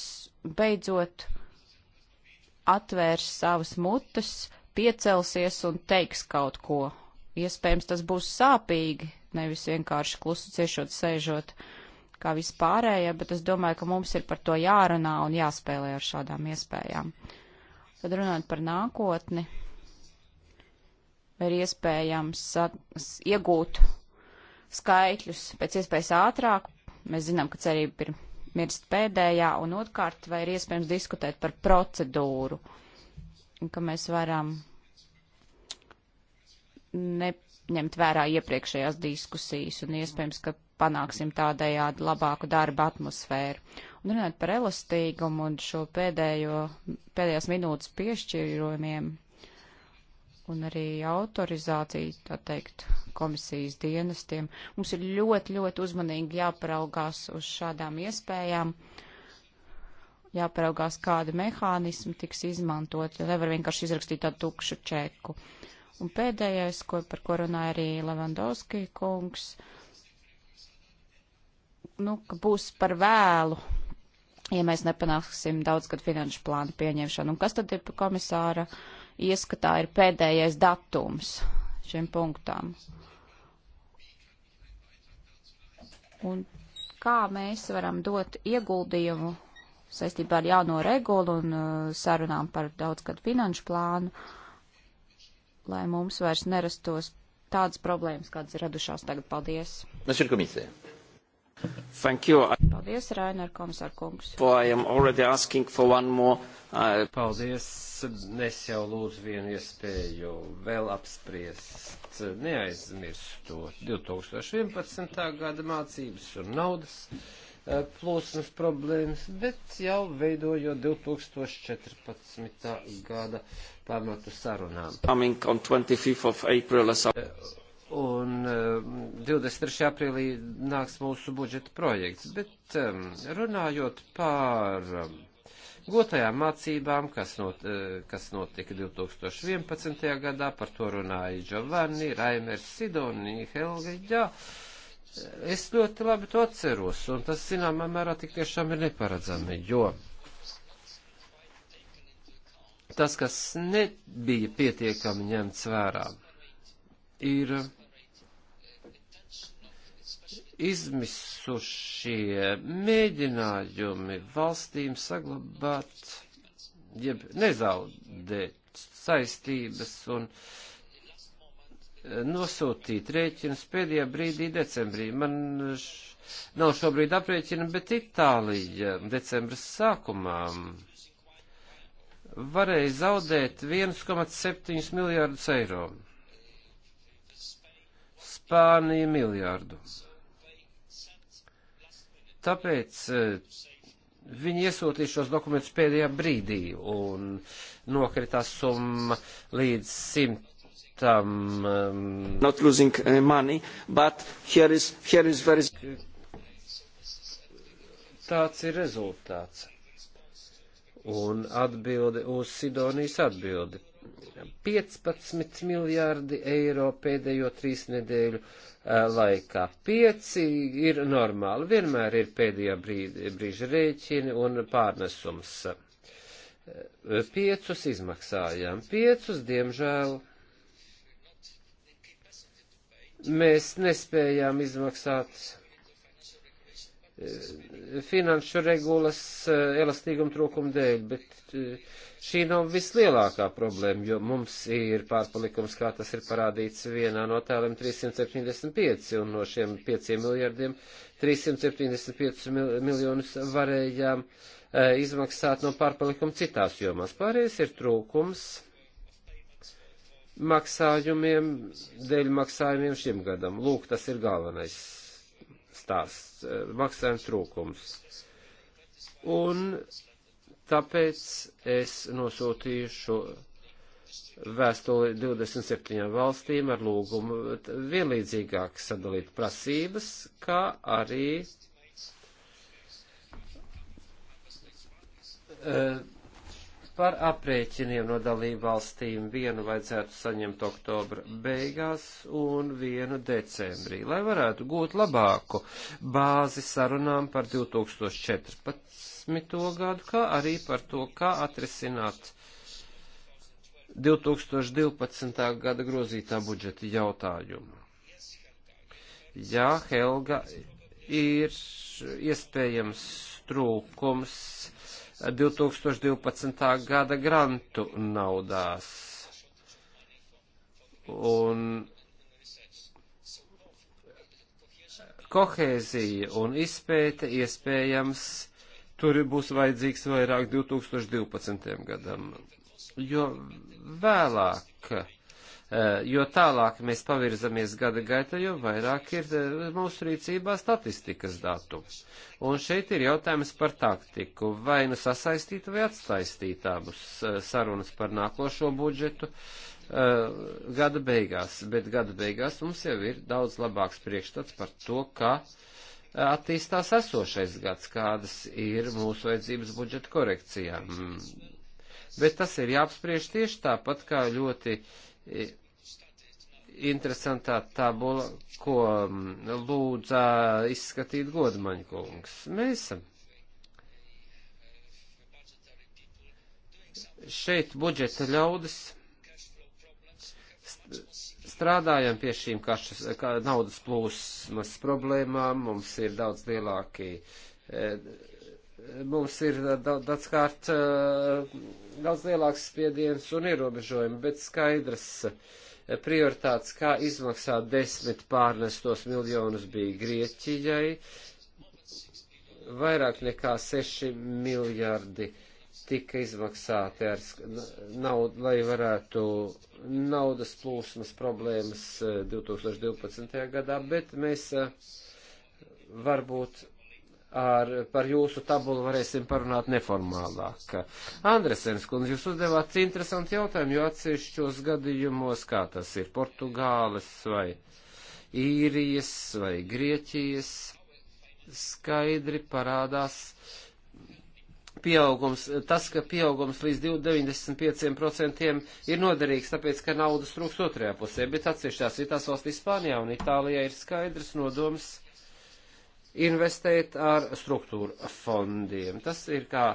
beidzot atvērs savas mutes, piecelsies un teiks kaut ko. Iespējams, tas būs sāpīgi, nevis vienkārši klusu ciešot, sēžot. Uh, kā vispārējie, bet es domāju, ka mums ir par to jārunā un jāspēlē ar šādām iespējām. Tad runājot par nākotni, ir iespējams iegūt skaitļus pēc iespējas ātrāk. Mēs zinām, ka cerība ir mirst pēdējā, un otrkārt, vai ir iespējams diskutēt par procedūru, ka mēs varam neņemt vērā iepriekšējās diskusijas, un iespējams, ka panāksim tādējādi labāku darba atmosfēru. Un runājot par elastīgumu un šo pēdējo, pēdējās minūtes piešķirojumiem un arī autorizāciju, tā teikt, komisijas dienestiem, mums ir ļoti, ļoti uzmanīgi jāparaugās uz šādām iespējām jāparaugās, kādi mehānismi tiks izmantot, jo nevar vienkārši izrakstīt tādu tukšu čeku. Un pēdējais, ko, par ko runāja arī Levandovski kungs, nu, ka būs par vēlu, ja mēs nepanāksim daudzgad finanšu plānu pieņemšanu. Un kas tad ir komisāra ieskatā ir pēdējais datums šiem punktām? Un kā mēs varam dot ieguldījumu saistībā ar jauno regulu un uh, sarunām par daudzgad finanšu plānu, lai mums vairs nerastos tādas problēmas, kādas ir radušās tagad. Paldies! Mēs ir komisija. Thank you. Paldies, Rainer komisār kungs. More, uh... Paldies, es jau lūdzu vienu iespēju vēl apspriest, neaizmirstot 2011. gada mācības un naudas uh, plūsmas problēmas, bet jau veidojot 2014. gada pamatu sarunām un 23. Um, aprīlī nāks mūsu budžeta projekts. Bet um, runājot par um, gotajām mācībām, kas, not, uh, kas notika 2011. gadā, par to runāja Giovanni, Raimers, Sidonija, Helga, jā, es ļoti labi to atceros, un tas, zināmā mērā, tik tiešām ir neparedzami, jo tas, kas nebija pietiekami ņemts vērā, ir izmisušie mēģinājumi valstīm saglabāt, jeb nezaudēt saistības un e, nosūtīt rēķinus pēdējā brīdī decembrī. Man š... nav šobrīd aprēķina, bet Itālija decembras sākumā varēja zaudēt 1,7 miljārdus eiro. Spānija miljārdu. Tāpēc eh, viņi iesūtīja šos dokumentus pēdējā brīdī un nokritās summa līdz simt. Um, ehm, Not losing uh, money, but here is, here is very... Tāds ir rezultāts. Un atbildi uz Sidonijas atbildi 15 miljārdi eiro pēdējo trīs nedēļu laikā. Pieci ir normāli, vienmēr ir pēdējā brīdi, brīža rēķini un pārnesums. Piecus izmaksājām, piecus, diemžēl, mēs nespējām izmaksāt Eh, finanšu regulas eh, elastīguma trūkuma dēļ, bet eh, šī nav vislielākā problēma, jo mums ir pārpalikums, kā tas ir parādīts vienā no tēliem 375, un no šiem 5 miljardiem 375 mil miljonus varējām izmaksāt no pārpalikuma citās jomās. Pārējais ir trūkums maksājumiem, dēļ maksājumiem šim gadam. Lūk, tas ir galvenais stāsts, eh, maksājums trūkums. Un tāpēc es nosūtīju šo vēstuli 27 valstīm ar lūgumu vienlīdzīgāk sadalīt prasības, kā arī uh, Par aprēķiniem no dalību valstīm vienu vajadzētu saņemt oktobra beigās un vienu decembrī, lai varētu gūt labāku bāzi sarunām par 2014. gadu, kā arī par to, kā atrisināt 2012. gada grozītā budžeta jautājumu. Jā, Helga, ir iespējams trūkums 2012. gada grantu naudās. Un kohēzija un izpēte iespējams tur būs vajadzīgs vairāk 2012. gadam, jo vēlāk Eh, jo tālāk mēs pavirzamies gada gaitā, jo vairāk ir eh, mūsu rīcībā statistikas datums. Un šeit ir jautājums par taktiku, vai nu sasaistīt vai atsaistīt abus eh, sarunas par nākošo budžetu gada beigās, bet gada beigās mums jau ir daudz labāks priekšstats par to, kā attīstās esošais gads, kādas ir mūsu vajadzības budžeta korekcijām. Hmm. Bet tas ir jāapspriež tieši tāpat kā ļoti interesantā tabula, ko mm, lūdzā izskatīt godmaņkungs. Mēs šeit budžeta ļaudis strādājam pie šīm kašas, kā, naudas plūsmas problēmām, mums ir daudz lielāki, e, mums ir daudz kārt e, daudz lielāks spiediens un ierobežojumi, bet skaidrs, uh, prioritātes, kā izmaksāt desmit pārnestos miljonus, bija Grieķijai. Vairāk nekā seši miljardi tika izmaksāti ar naudu, lai varētu naudas plūsmas problēmas 2012. Eh, gadā, bet mēs eh, varbūt ar, par jūsu tabulu varēsim parunāt neformālāk. Andresens, kundze, jūs uzdevāt interesantu jautājumu, jo atsevišķos gadījumos, kā tas ir Portugāles vai Īrijas vai Grieķijas, skaidri parādās pieaugums, tas, ka pieaugums līdz 95% ir noderīgs, tāpēc, ka naudas trūks otrajā pusē, bet atsevišķās citās valstīs Spānijā un Itālijā ir skaidrs nodoms investēt ar struktūra fondiem. Tas ir kā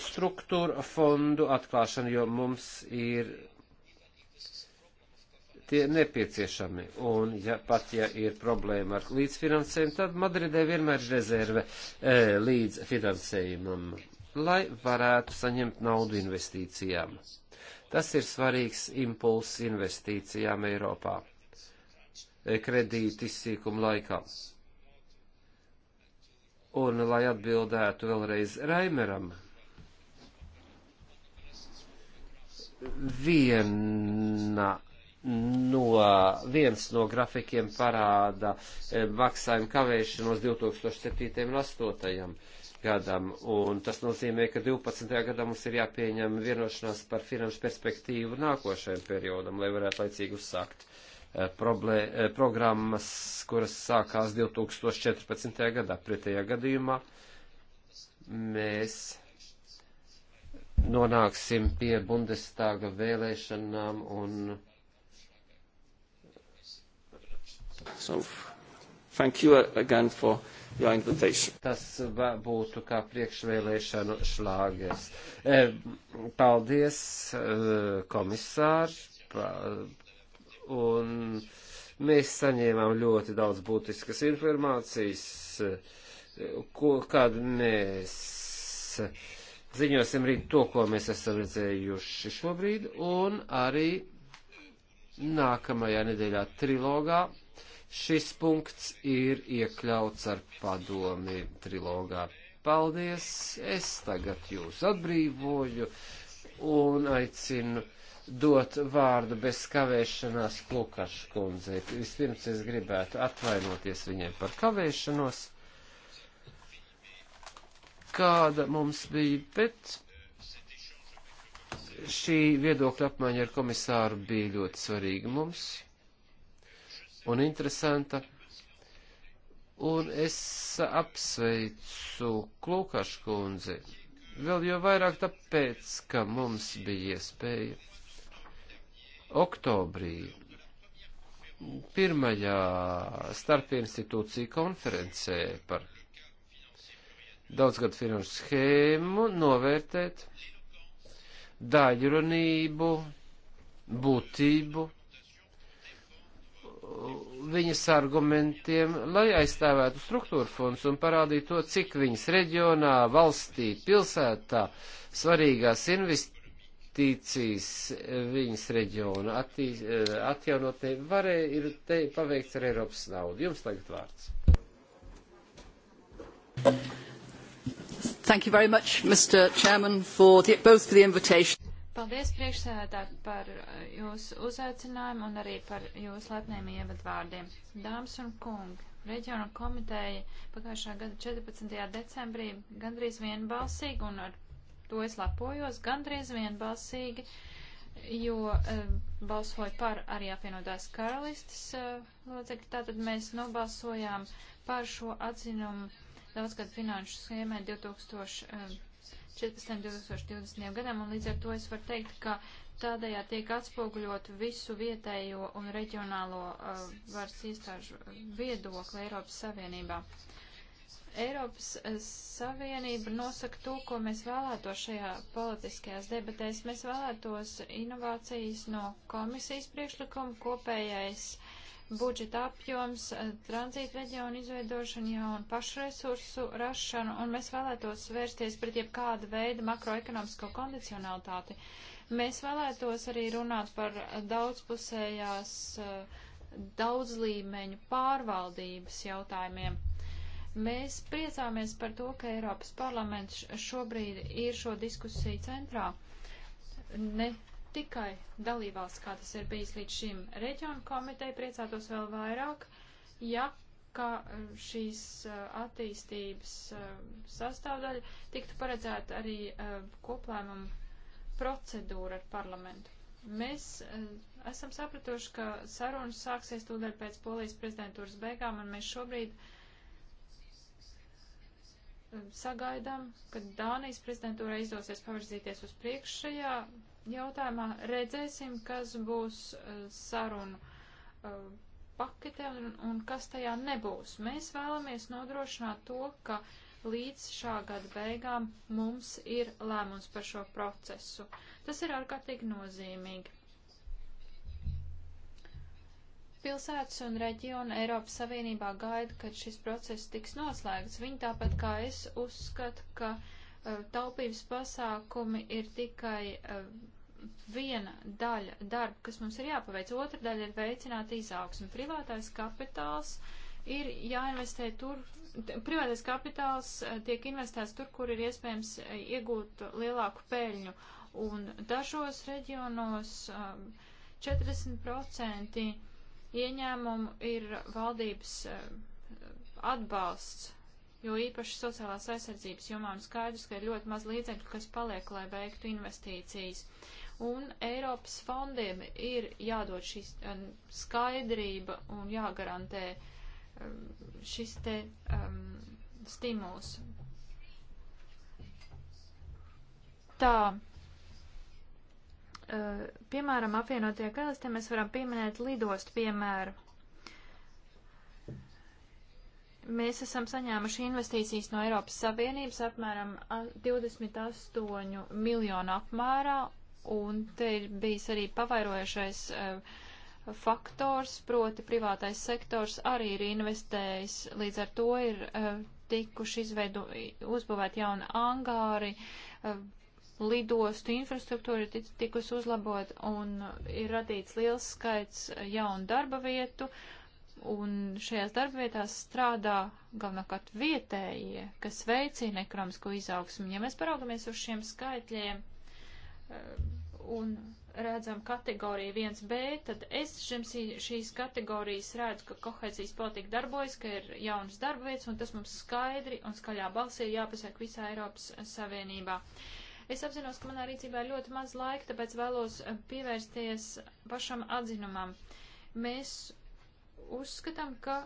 struktūra fondu atklāšana, jo mums ir tie nepieciešami. Un, ja pat ja ir problēma ar līdzfinansējumu, tad Madridē vienmēr ir rezerve e, līdz finansējumam, lai varētu saņemt naudu investīcijām. Tas ir svarīgs impuls investīcijām Eiropā e, kredīti izsīkuma laikā. Un, lai atbildētu vēlreiz Raimeram, viena no, viens no grafikiem parāda eh, maksājumu kavēšanos 2007. un 2008 gadam, un tas nozīmē, ka 12. gadā mums ir jāpieņem vienošanās par finanšu perspektīvu nākošajam periodam, lai varētu laicīgi uzsākt uh, problē, eh, programmas, kuras sākās 2014. gadā. Pretējā gadījumā mēs nonāksim pie Bundestāga vēlēšanām un. So, thank you again for your invitation. Tas būtu kā priekšvēlēšanu šlāgers. Eh, paldies, eh, komisārs un mēs saņēmām ļoti daudz būtiskas informācijas, ko, kad mēs ziņosim rīt to, ko mēs esam redzējuši šobrīd, un arī nākamajā nedēļā trilogā. Šis punkts ir iekļauts ar padomi trilogā. Paldies! Es tagad jūs atbrīvoju un aicinu dot vārdu bez kavēšanās Lukašu kundzei. Vispirms es gribētu atvainoties viņiem par kavēšanos, kāda mums bija, bet šī viedokļa apmaiņa ar komisāru bija ļoti svarīga mums un interesanta. Un es apsveicu Klukašu kundzi vēl jo vairāk tāpēc, ka mums bija iespēja oktobrī pirmajā starpinstitūcija konferencē par daudzgadu finanšu schēmu novērtēt daļrunību, būtību, viņas argumentiem, lai aizstāvētu struktūra fonds un parādītu to, cik viņas reģionā, valstī, pilsētā svarīgās invest investīcijas viņas reģiona attī, eh, atjaunotnē varēja ir te paveikts ar Eiropas naudu. Jums tagad vārds. Thank you very much, Mr. Chairman, for the, both for the invitation. Paldies priekšsēdētāji par jūsu uzaicinājumu un arī par jūsu lepniem ievadvārdiem. Dāmas un kungi, reģiona komiteja pagājušā gada 14. decembrī gandrīz vienbalsīgi un ar to es lepojos gandrīz vienbalsīgi, jo e, balsoju par arī apvienotās karalistas e, eh, locekļi. Tātad mēs nobalsojām par šo atzinumu daudzgad finanšu schēmē 2014. 2020. gadam, un līdz ar to es varu teikt, ka tādējā tiek atspoguļot visu vietējo un reģionālo uh, varas iestāžu viedokli Eiropas Savienībā. Uh, Eiropas eh, Savienība nosaka to, ko mēs vēlētos šajā politiskajās debatēs. Mēs vēlētos inovācijas no komisijas priekšlikuma, kopējais budžeta apjoms, eh, tranzīta reģionu izveidošanu, jaunu pašresursu rašanu, un mēs vēlētos vērsties pret jebkādu veidu makroekonomisko kondicionalitāti. Mēs vēlētos arī runāt par daudzpusējās, eh, daudzlīmeņu pārvaldības jautājumiem Mēs priecāmies par to, ka Eiropas parlaments šobrīd ir šo diskusiju centrā. Ne tikai dalībvalsts, kā tas ir bijis līdz šim, reģionu komiteja priecātos vēl vairāk, ja kā eh, šīs eh, attīstības eh, sastāvdaļa tiktu paredzēta arī koplēmuma procedūra ar parlamentu. Mēs esam sapratuši, ka sarunas sāksies tūdaļ pēc polijas prezidentūras beigām, un mēs šobrīd uh, Ehm, sagaidām, ka Dānijas prezidentūrai izdosies pavirzīties uz priekšu šajā jautājumā. Redzēsim, kas būs ehm, sarunu ehm, paketē un, un kas tajā nebūs. Mēs vēlamies nodrošināt to, ka līdz šā gada beigām mums ir lēmums par šo procesu. Tas ir ārkārtīgi nozīmīgi. pilsētas un reģiona Eiropas Savienībā gaida, kad šis process tiks noslēgts. Viņi tāpat kā es uzskata, ka uh, taupības pasākumi ir tikai uh, viena daļa darba, kas mums ir jāpaveic. Otra daļa ir veicināt izaugsmu. Privātais kapitāls ir jāinvestē tur, privātais kapitāls e, tiek investēts tur, kur ir iespējams iegūt lielāku peļņu. Un dažos reģionos 40% ieņēmumu ir valdības eh, atbalsts, jo īpaši sociālās aizsardzības jomā ir skaidrs, ka ir ļoti maz līdzekļu, kas paliek, lai veiktu investīcijas. Un Eiropas fondiem ir jādod šī eh, skaidrība un jāgarantē eh, šis te um, stimuls. Tā, Eh, piemēram, apvienotajā karalistē mēs varam pieminēt lidostu piemēru. Mēs esam saņēmuši investīcijas no Eiropas Savienības apmēram 28 miljonu apmērā, un te ir bijis arī pavairojušais uh, faktors, proti privātais sektors arī ir investējis, līdz ar to ir uh, tikuši izveidu, uzbūvēt jauni angāri, uh, lidostu infrastruktūra ir tikus uzlabot un ir radīts liels skaits jaunu darba vietu. Un šajās darbvietās strādā galvenokārt vietējie, kas veicina ekonomisko izaugsmu. Ja mēs paraugamies uz šiem skaitļiem eh, un redzam kategoriju 1B, tad es šim, šīs kategorijas redzu, ka kohēzijas politika darbojas, ka ir jaunas darbvietas, un tas mums skaidri un skaļā balsī jāpasaka visā Eiropas Savienībā. Uh, Es apzinos, ka manā rīcībā ir ļoti maz laika, tāpēc vēlos eh, pievērsties pašam atzinumam. Mēs uzskatām, ka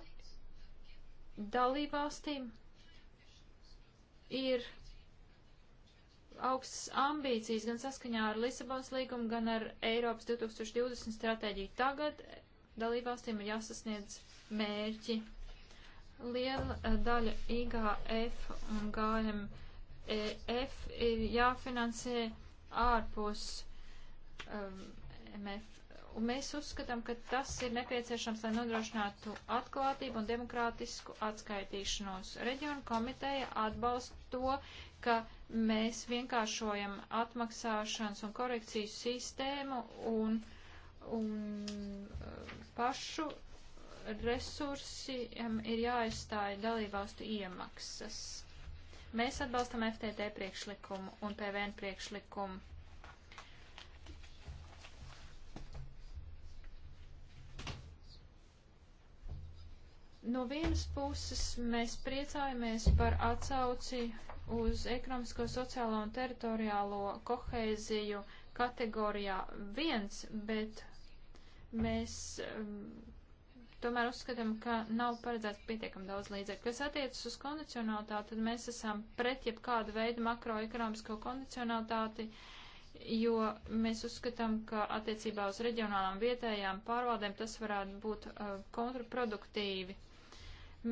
dalībvalstīm ir augstas ambīcijas gan saskaņā ar Lisabons līgumu, gan ar Eiropas 2020 stratēģiju. Tagad dalībvalstīm ir jāsasniedz mērķi. Liela eh, daļa IGF un GLM EF ir jāfinansē ārpus um, MF. Un mēs uzskatām, ka tas ir nepieciešams, lai nodrošinātu atklātību un demokrātisku atskaitīšanos. Reģionu komiteja atbalsta to, ka mēs vienkāršojam atmaksāšanas un korekciju sistēmu un, un um, pašu resursi ir jāaizstāja dalībvalstu iemaksas. Mēs atbalstam FTT priekšlikumu un PVN priekšlikumu. No vienas puses mēs priecājamies par atsauci uz ekonomisko, sociālo un teritoriālo kohēziju kategorijā viens, bet mēs um, Tomēr uzskatām, ka nav paredzēts pietiekam daudz līdzekļu. Kas attiecas uz kondicionalitāti, tad mēs esam pret jebkādu veidu makroekonomisko kondicionalitāti, jo mēs uzskatām, ka attiecībā uz reģionālām vietējām pārvaldēm tas varētu būt uh, kontraproduktīvi.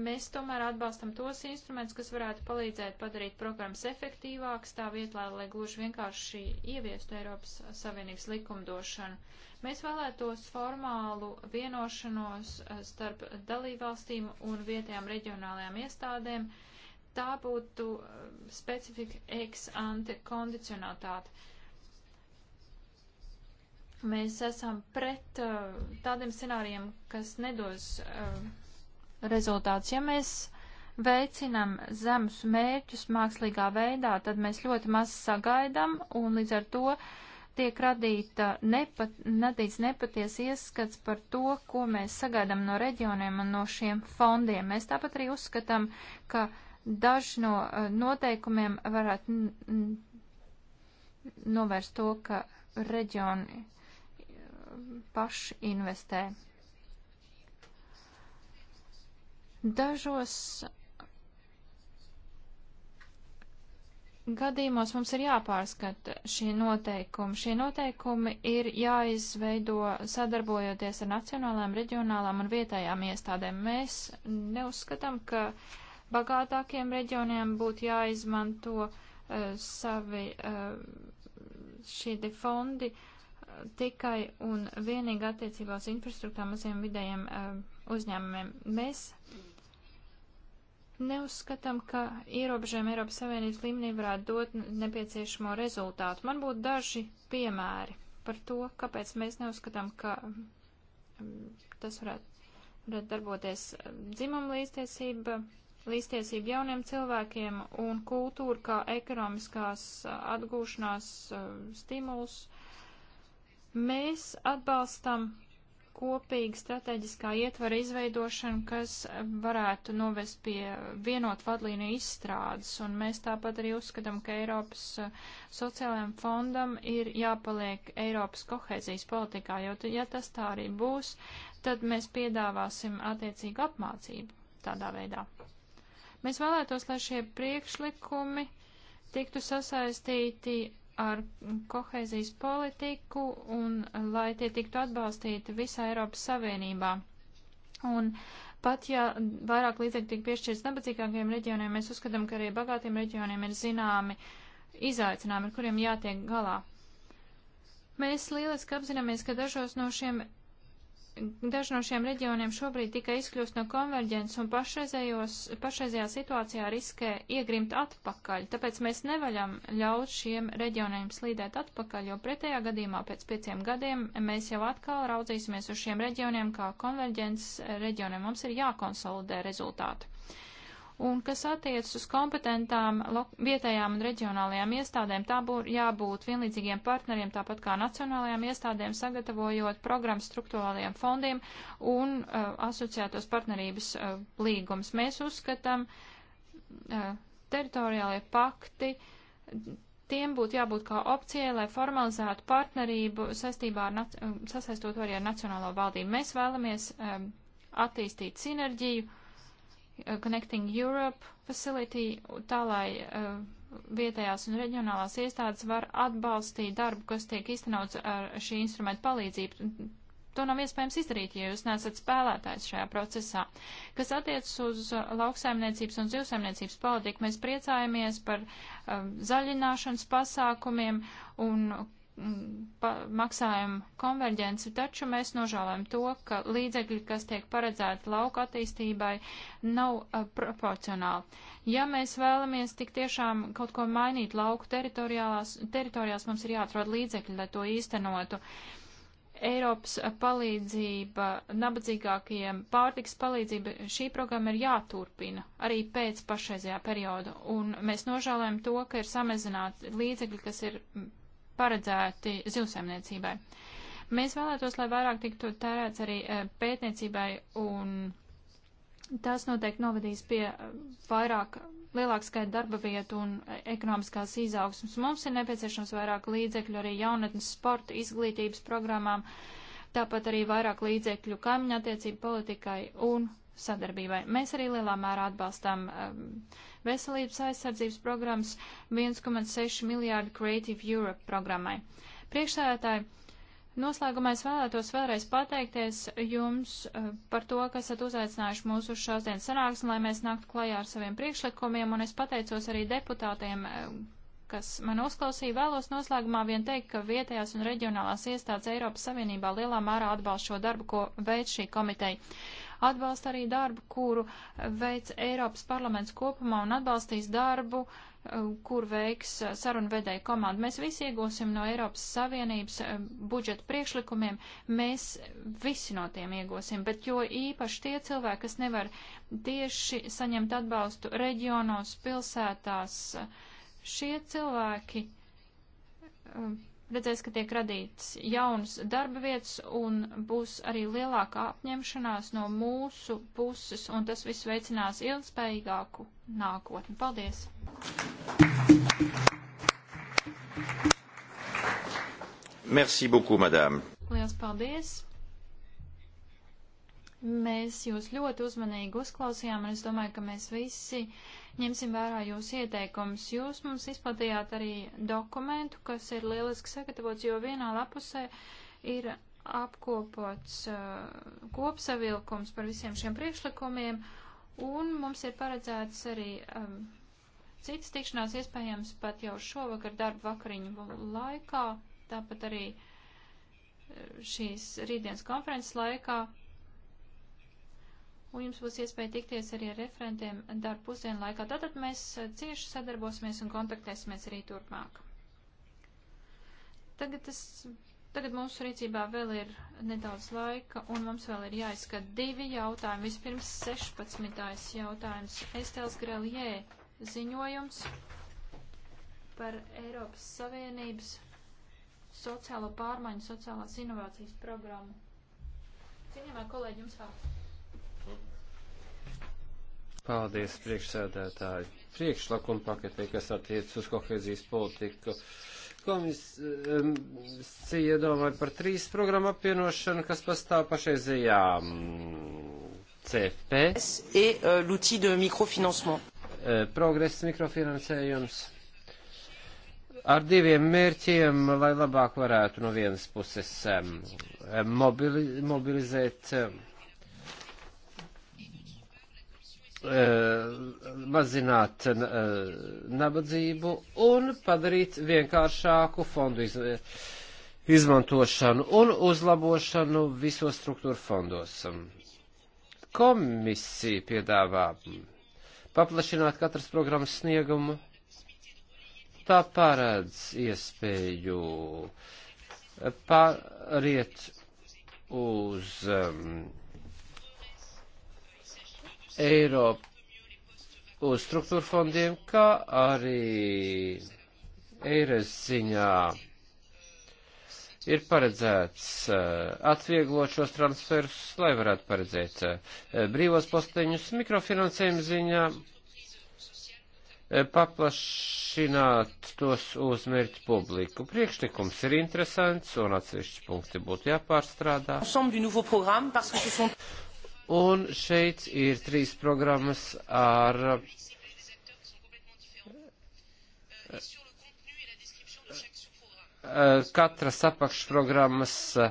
Mēs tomēr atbalstam tos instrumentus, kas varētu palīdzēt padarīt programmas efektīvākas tā vietā, lai gluži vienkārši ieviestu Eiropas Savienības likumdošanu. Mēs vēlētos formālu vienošanos eh, starp dalībvalstīm un vietējām reģionālajām iestādēm. Tā būtu eh, specifika ex ante kondicionatāte. Mēs esam pret eh, tādiem scenārijiem, kas nedos rezultāts. Ja mēs veicinam zemus mērķus mākslīgā veidā, tad mēs ļoti maz sagaidam un līdz ar to uh, tiek radīta nepat, radīts nepaties ieskats par to, ko mēs sagaidām no reģioniem un no šiem fondiem. Mēs tāpat arī uzskatām, ka daži no eh, noteikumiem varētu novērst to, ka reģioni eh, paši investē. Dažos gadījumos mums ir jāpārskata šie noteikumi. Šie noteikumi ir jāizveido sadarbojoties ar nacionālām, reģionālām un vietējām iestādēm. Mēs neuzskatām, ka bagātākiem reģioniem būtu jāizmanto uh, savi uh, šie fondi eh, tikai un vienīgi attiecībā uz infrastruktūrām maziem vidējiem uh, uzņēmumiem. Mēs Neuzskatām, ka ierobežojumi Eiropas Savienības līmenī varētu dot nepieciešamo rezultātu. Man būtu daži piemēri par to, kāpēc mēs neuzskatām, ka mm, tas varētu, varētu darboties mm, dzimuma līdztiesība, līdztiesība jauniem cilvēkiem un kultūra kā ekonomiskās atgūšanās stimuls. Mēs atbalstam kopīga strateģiskā ietvara izveidošana, kas varētu novest pie vienot vadlīniju izstrādes, un mēs tāpat arī uzskatām, ka Eiropas uh, sociālajiem fondam ir jāpaliek Eiropas kohēzijas politikā, jo, ja tas tā arī būs, tad mēs piedāvāsim attiecīgu apmācību tādā veidā. Mēs vēlētos, lai šie priekšlikumi tiktu sasaistīti ar kohēzijas politiku un lai tie tiktu atbalstīti visā Eiropas Savienībā. Un pat ja vairāk līdzekļu tiek piešķirts nabadzīgākiem reģioniem, mēs uzskatām, ka arī bagātiem reģioniem ir zināmi izaicinājumi, ar kuriem jātiek galā. Mēs lieliski apzināmies, ka dažos no šiem daži no šiem reģioniem šobrīd tikai izkļūst no konverģences un pašreizējā situācijā riskē iegrimt atpakaļ. Tāpēc mēs nevaļam ļaut šiem reģioniem slīdēt atpakaļ, jo pretējā gadījumā pēc pieciem gadiem mēs jau atkal raudzīsimies uz šiem reģioniem kā konverģences reģioniem. Mums ir jākonsolidē rezultāti. Un kas attiecas uz kompetentām vietējām un reģionālajām iestādēm, tā būtu jābūt vienlīdzīgiem partneriem, tāpat kā nacionālajām iestādēm, sagatavojot programmas struktūrālajiem fondiem un uh, asociētos partnerības uh, līgums. Mēs uzskatām, uh, teritoriālajie pakti, tiem būtu jābūt kā opcijai, lai formalizētu partnerību saistībā ar, sasaistot arī ar nacionālo valdību. Mēs vēlamies um, attīstīt sinerģiju Uh, Connecting Europe facility, tā lai uh, vietējās un reģionālās iestādes var atbalstīt darbu, kas tiek īstenots ar šī instrumenta palīdzību. To nav iespējams izdarīt, ja jūs nesat spēlētājs šajā procesā. Kas attiecas uz uh, lauksaimniecības un zivsaimniecības politiku, mēs priecājamies par um, uh, zaļināšanas pasākumiem un maksājumu konverģenci, taču mēs nožēlojam to, ka līdzekļi, kas tiek paredzēti lauka attīstībai, nav uh, proporcionāli. Ja mēs vēlamies tik tiešām kaut ko mainīt lauku teritorijās, teritorijās mums ir jāatrod līdzekļi, lai to īstenotu. Eiropas palīdzība nabadzīgākajiem, pārtiks palīdzība, šī programma ir jāturpina arī pēc pašreizajā perioda. Un mēs nožēlojam to, ka ir samazināti līdzekļi, kas ir paredzēti zivsaimniecībai. Mēs vēlētos, lai vairāk tiktu tērēts arī eh, pētniecībai, un tas noteikti novadīs pie eh, vairāk, lielāka skaita darba vietu un eh, ekonomiskās izaugsmas. Mums ir nepieciešams vairāk līdzekļu arī jaunatnes sporta izglītības programmām, tāpat arī vairāk līdzekļu kaimiņu attiecību politikai un sadarbībai. Mēs arī lielā mērā atbalstām um, veselības aizsardzības programmas 1,6 miljārdu Creative Europe programmai. Priekšsēdētāji, noslēgumā es vēlētos vēlreiz pateikties jums uh, par to, ka esat uzaicinājuši mūsu uz šās dienas sanāksmi, lai mēs nāktu klajā ar saviem priekšlikumiem, un es pateicos arī deputātiem, uh, kas man uzklausīja, vēlos noslēgumā vien teikt, ka vietējās un reģionālās iestādes Eiropas Savienībā lielā mērā atbalsta šo darbu, ko veids šī komiteja atbalsta arī darbu, kuru veic Eiropas parlaments kopumā un atbalstīs darbu, eh, kur veiks eh, sarunvedēja komanda. Mēs visi iegūsim no Eiropas Savienības eh, budžeta priekšlikumiem, mēs visi no tiem iegūsim, bet jo īpaši tie cilvēki, kas nevar tieši saņemt atbalstu reģionos, pilsētās, šie cilvēki redzēs, ka tiek radīts jauns darba vietas un būs arī lielāka apņemšanās no mūsu puses, un tas viss veicinās ilgspējīgāku nākotni. Paldies! Merci beaucoup, madame. Liels paldies! Mēs jūs ļoti uzmanīgi uzklausījām, un es domāju, ka mēs visi ņemsim vērā jūsu ieteikumus. Jūs mums izplatījāt arī dokumentu, kas ir lieliski sagatavots, jo vienā lapusē ir apkopots uh, kopsavilkums par visiem šiem priekšlikumiem, un mums ir paredzēts arī um, citas tikšanās iespējams pat jau šovakar darba vakariņu laikā, tāpat arī uh, šīs rītdienas konferences laikā un jums būs iespēja tikties arī ar referentiem darba pusdienu laikā. Tātad mēs eh, cieši sadarbosimies un kontaktēsimies arī turpmāk. Tagad, tas, tagad mūsu rīcībā vēl ir nedaudz laika, un mums vēl ir jāizskat divi jautājumi. Vispirms 16. jautājums. Estels Greljē ziņojums par Eiropas Savienības sociālo pārmaiņu, sociālās inovācijas programmu. Cienījamā kolēģi, jums vārds. Paldies, priekšsēdētāji. Priekšlikuma paketē, kas attiec uz kohēzijas politiku, komisija um, domāja par trīs programmu apvienošanu, kas pastāv pašreizajā mm, CFP. Et, euh, uh, Progress mikrofinansējums ar diviem mērķiem, lai labāk varētu no vienas puses um, um mobili, mobilizēt um, Eh, mazināt eh, nabadzību un padarīt vienkāršāku fondu iz, eh, izmantošanu un uzlabošanu visos struktūra fondos. Komisija piedāvā paplašināt katras programmas sniegumu, tā paredz iespēju pāriet uz um, Eiropu uz struktūra fondiem, kā arī eires ziņā ir paredzēts eh, atvieglot šos transferus, lai varētu paredzēt eh, brīvos posteņus mikrofinansējuma ziņā, eh, paplašināt tos uz mērķu publiku. Priekšlikums ir interesants un atsevišķi punkti būtu jāpārstrādā. Un šeit ir trīs programmas ar eh, katras apakšprogrammas eh,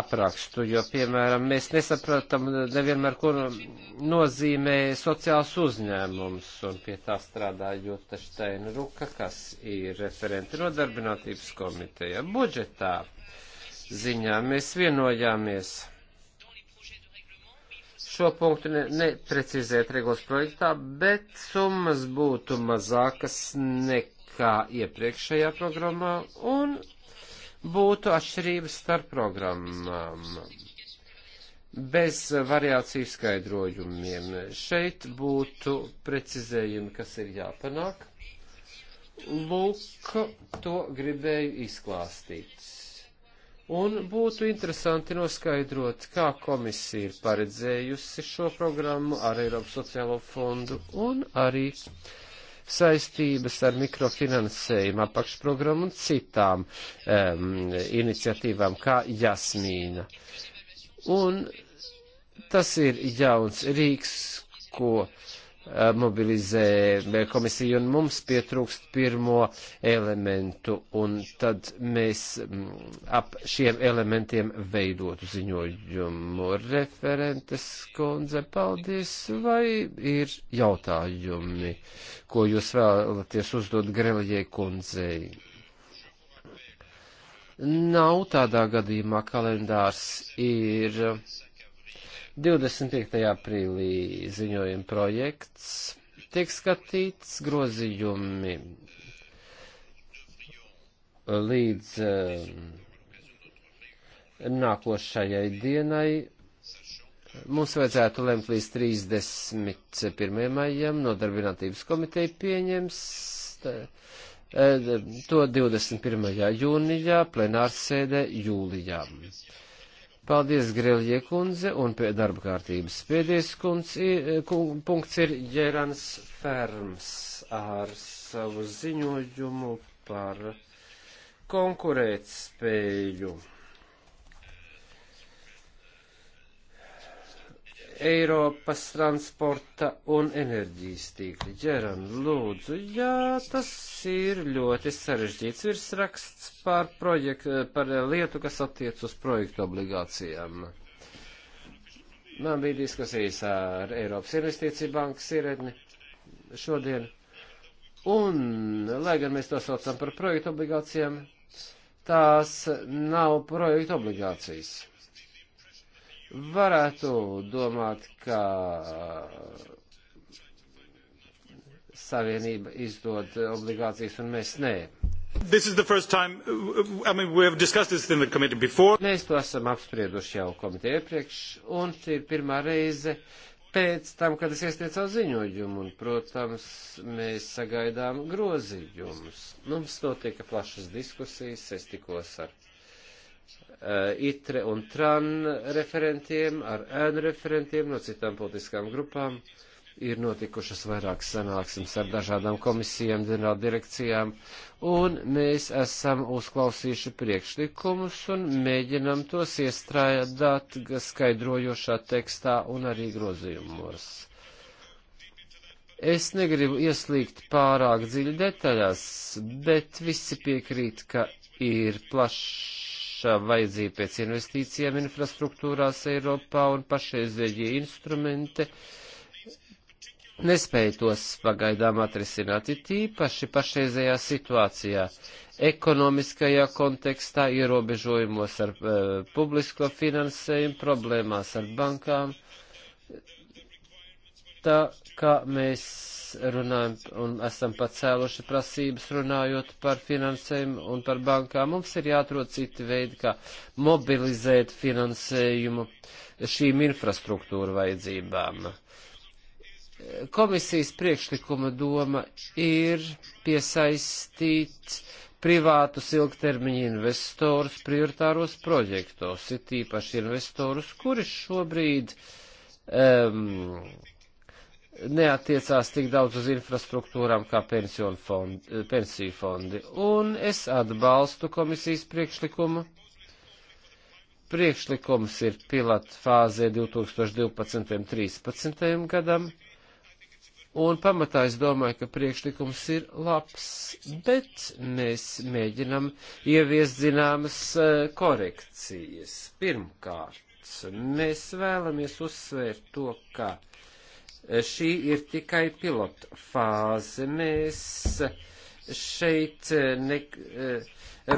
aprakstu, jo, piemēram, mēs nesapratam nevienmēr, ko nozīmē sociāls uzņēmums, un pie tā strādā Jūta Šteina Ruka, kas ir referenti nodarbinātības komiteja budžetā ziņā. Mēs vienojāmies šo punktu neprecizēt regulas projektā, bet summas būtu mazākas nekā iepriekšējā programmā un būtu atšķirības starp programmām. Bez variāciju skaidrojumiem. Šeit būtu precizējumi, kas ir jāpanāk. Lūk, to gribēju izklāstīt. Un būtu interesanti noskaidrot, kā komisija ir paredzējusi šo programmu ar Eiropas sociālo fondu un arī saistības ar mikrofinansējumu apakšprogrammu un citām um, iniciatīvām, kā Jasmīna. Un tas ir jauns rīks, ko uh, mobilizē komisiju un mums pietrūkst pirmo elementu un tad mēs mm, ap šiem elementiem veidotu ziņojumu. Referentes kundze, paldies, vai ir jautājumi, ko jūs vēlaties uzdot Grelijai kundzei? Nav tādā gadījumā kalendārs ir 25. aprīlī ziņojuma projekts tiek skatīts grozījumi līdz um, nākošajai dienai. Mums vajadzētu lemt līdz 31. maijam, nodarbinātības komiteja pieņems eh, to 21. jūnijā, plenārsēdē jūlijā. Paldies, Grēlie kundze, un pie darba kārtības pēdējais kundz, kung, punkts ir Ģerans Ferms ar savu ziņojumu par konkurētspēju. Eiropas transporta un enerģijas tīkli. Ģeran, lūdzu, jā, tas ir ļoti sarežģīts virsraksts par, projekt, par lietu, kas attiec uz projektu obligācijām. Man bija diskusijas ar Eiropas investīciju bankas ierēdni šodien. Un, lai gan mēs to saucam par projektu obligācijām, tās nav projektu obligācijas varētu domāt, ka Savienība izdod obligācijas un mēs nē. This is the first time, I mean, we have discussed this in the committee before. Mēs to esam apsprieduši jau komiteja iepriekš, un šī ir pirmā reize pēc tam, kad es iesniedzu ziņojumu, un, protams, mēs sagaidām grozījumus. Mums notika plašas diskusijas, es tikos ar Eh, ITRE un TRAN referentiem, ar ēnu referentiem no citām politiskām grupām. Ir notikušas vairākas sanāksmes ar dažādām komisijām, ģenerāla direkcijām, un mēs esam uzklausījuši priekšlikumus un mēģinam tos iestrādāt skaidrojošā tekstā un arī grozījumos. Es negribu ieslīgt pārāk dziļi detaļās, bet visi piekrīt, ka ir plašs plaša vajadzība pēc investīcijām infrastruktūrās Eiropā un pašreizējie instrumenti nespēja tos pagaidām atrisināt, it īpaši pašreizējā situācijā, ekonomiskajā kontekstā, ierobežojumos ar uh, publisko finansējumu, problēmās ar bankām, tā kā mēs runājam un esam pacēluši prasības runājot par finansējumu un par bankām. Mums ir jāatrod citi veidi, kā mobilizēt finansējumu šīm infrastruktūra vajadzībām. Komisijas priekšlikuma doma ir piesaistīt privātus ilgtermiņa investorus prioritāros projektos, ir tīpaši investorus, kuri šobrīd um, neatiecās tik daudz uz infrastruktūrām kā fondi, eh, pensiju fondi. Un es atbalstu komisijas priekšlikumu. Priekšlikums ir pilot fāzē 2012. un 2013. gadam. Un pamatā es domāju, ka priekšlikums ir labs, bet mēs mēģinam ieviest zināmas eh, korekcijas. Pirmkārt, mēs vēlamies uzsvērt to, ka Šī ir tikai pilota fāze. Mēs šeit ne,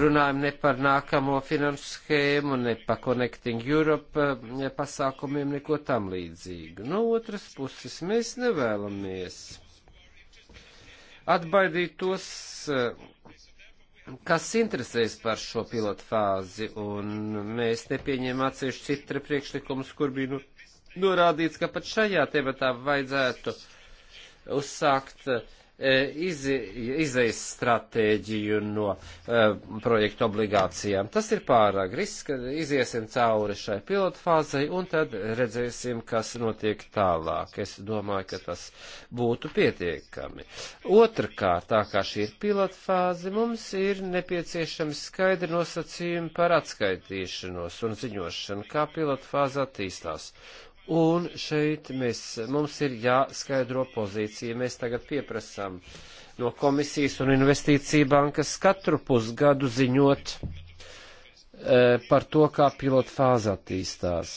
runājam ne par nākamo finanšu schēmu, ne par Connecting Europe eh, pasākumiem, neko tam līdzīgu. No otras puses, mēs nevēlamies atbaidīt tos, eh, kas interesēs par šo pilotu fāzi, un mēs nepieņēmām atsevišķi citra priekšlikumus, kur bija nu, norādīts, ka pat šajā tematā vajadzētu uzsākt e, izejas stratēģiju no e, projektu obligācijām. Tas ir pārāk riska, iziesim cauri šai pilotfāzei un tad redzēsim, kas notiek tālāk. Es domāju, ka tas būtu pietiekami. Otrkārt, tā kā šī ir pilotfāze, mums ir nepieciešami skaidri nosacījumi par atskaitīšanos un ziņošanu, kā pilotfāze attīstās. Un šeit mēs, mums ir jāskaidro pozīcija. Mēs tagad pieprasām no komisijas un investīcija bankas katru pusgadu ziņot e, par to, kā pilota fāze attīstās.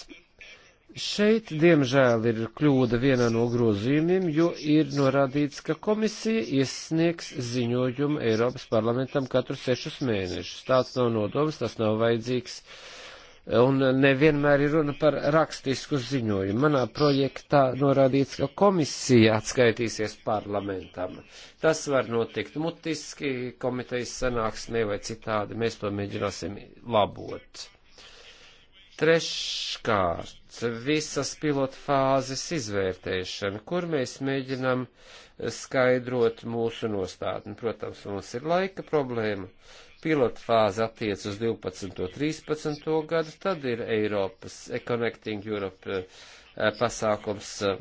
Šeit, diemžēl, ir kļūda vienā no grozījumiem, jo ir norādīts, ka komisija iesniegs ziņojumu Eiropas parlamentam katru sešus mēnešus. Tāds nav nodoms, tas nav vajadzīgs. Uh, un nevienmēr ir runa par rakstisku ziņojumu. Manā projektā norādīts, ka komisija atskaitīsies parlamentam. Tas var notikt mutiski, komitejas sanāksmē vai citādi, mēs to mēģināsim labot. Treškārt, visas pilotfāzes izvērtēšana, kur mēs mēģinam skaidrot mūsu nostātni. Protams, mums ir laika problēma, pilotfāze attiec uz 12. un 13. gadu, tad ir Eiropas Connecting Europe eh, pasākums, eh,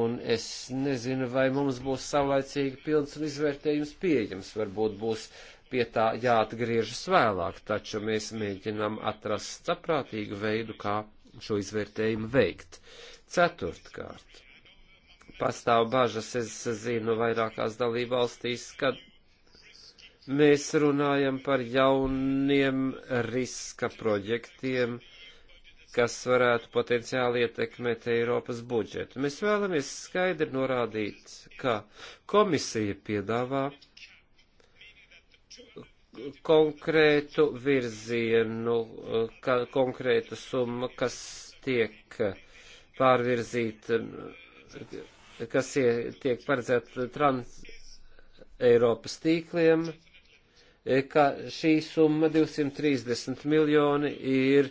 un es nezinu, vai mums būs savlaicīgi pilns un izvērtējums pieejams, varbūt būs pie tā jāatgriežas vēlāk, taču mēs mēģinām atrast saprātīgu veidu, kā šo izvērtējumu veikt. Ceturtkārt pastāv bažas, es zinu, vairākās dalībvalstīs, kad mēs runājam par jauniem riska projektiem, kas varētu potenciāli ietekmēt Eiropas budžetu. Mēs vēlamies skaidri norādīt, ka komisija piedāvā konkrētu virzienu, ka, konkrētu summu, kas tiek pārvirzīta, kas tiek paredzēta trans Eiropas tīkliem, E, ka šī summa 230 miljoni ir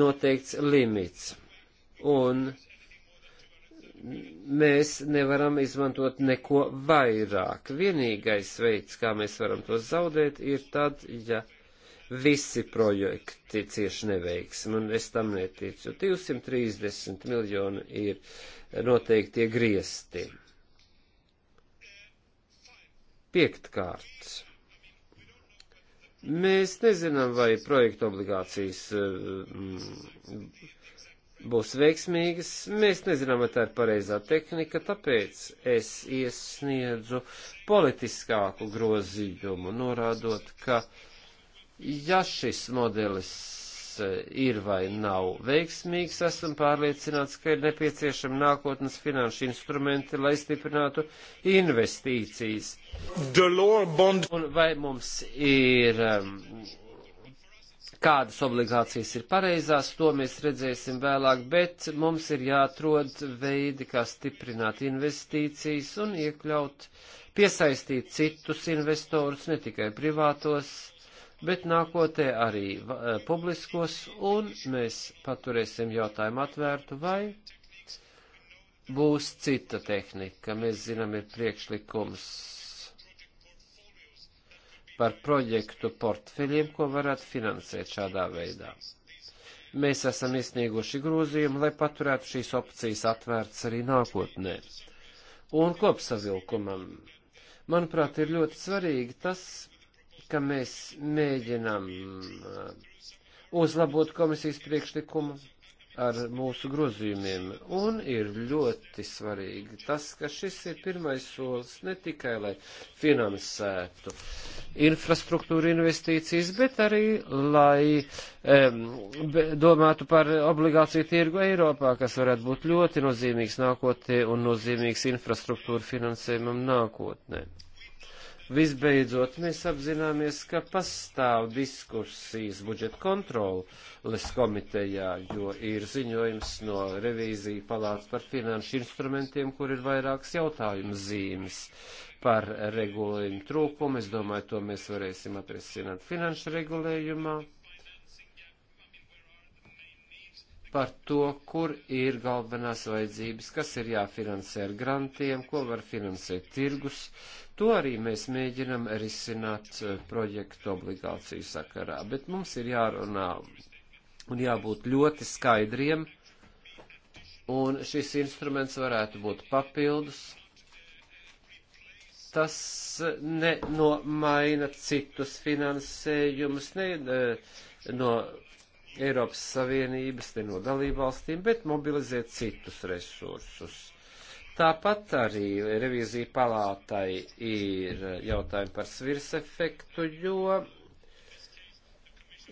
noteikts limits. Un mēs nevaram izmantot neko vairāk. Vienīgais veids, kā mēs varam to zaudēt, ir tad, ja visi projekti cieši neveiksmi, un es tam neticu. 230 miljoni ir noteikti griezti. Piektkārts. Mēs nezinām, vai projekta obligācijas eh, būs veiksmīgas. Mēs nezinām, vai tā ir pareizā tehnika, tāpēc es iesniedzu politiskāku grozījumu, norādot, ka ja šis modelis Eh, ir vai nav veiksmīgs, esam pārliecināts, ka ir nepieciešami nākotnes finanšu instrumenti, lai stiprinātu investīcijas. Bond... Un vai mums ir, kādas obligācijas ir pareizās, to mēs redzēsim vēlāk, bet mums ir jāatrod veidi, kā stiprināt investīcijas un iekļaut, piesaistīt citus investorus, ne tikai privātos bet nākotnē arī eh, publiskos, un mēs paturēsim jautājumu atvērtu, vai būs cita tehnika. Mēs zinām, ir priekšlikums par projektu portfeļiem, ko varētu finansēt šādā veidā. Mēs esam iesnieguši grozījumu, lai paturētu šīs opcijas atvērtas arī nākotnē. Un kopsavilkumam, manuprāt, ir ļoti svarīgi tas, ka mēs mēģinam uh, uzlabot komisijas priekšlikumu ar mūsu grozījumiem, un ir ļoti svarīgi tas, ka šis ir pirmais solis ne tikai, lai finansētu infrastruktūra investīcijas, bet arī, lai um, e, domātu par obligāciju tirgu Eiropā, kas varētu būt ļoti nozīmīgs nākotnē un nozīmīgs infrastruktūra finansējumam nākotnē. Visbeidzot, mēs apzināmies, ka pastāv diskusijas budžeta kontroles komitejā, jo ir ziņojums no revīzija palāca par finanšu instrumentiem, kur ir vairākas jautājumas zīmes par regulējumu trūkumu. Es domāju, to mēs varēsim atrisināt finanšu regulējumā. par to, kur ir galvenās vajadzības, kas ir jāfinansē ar grantiem, ko var finansēt tirgus. To arī mēs mēģinam risināt eh, projektu obligāciju sakarā, bet mums ir jārunā un jābūt ļoti skaidriem, un šis instruments varētu būt papildus. Tas eh, nenomaina citus finansējumus, ne, eh, no Eiropas Savienības, ne no dalībvalstīm, bet mobilizēt citus resursus. Tāpat arī revīzija palātai ir jautājumi par svirs efektu, jo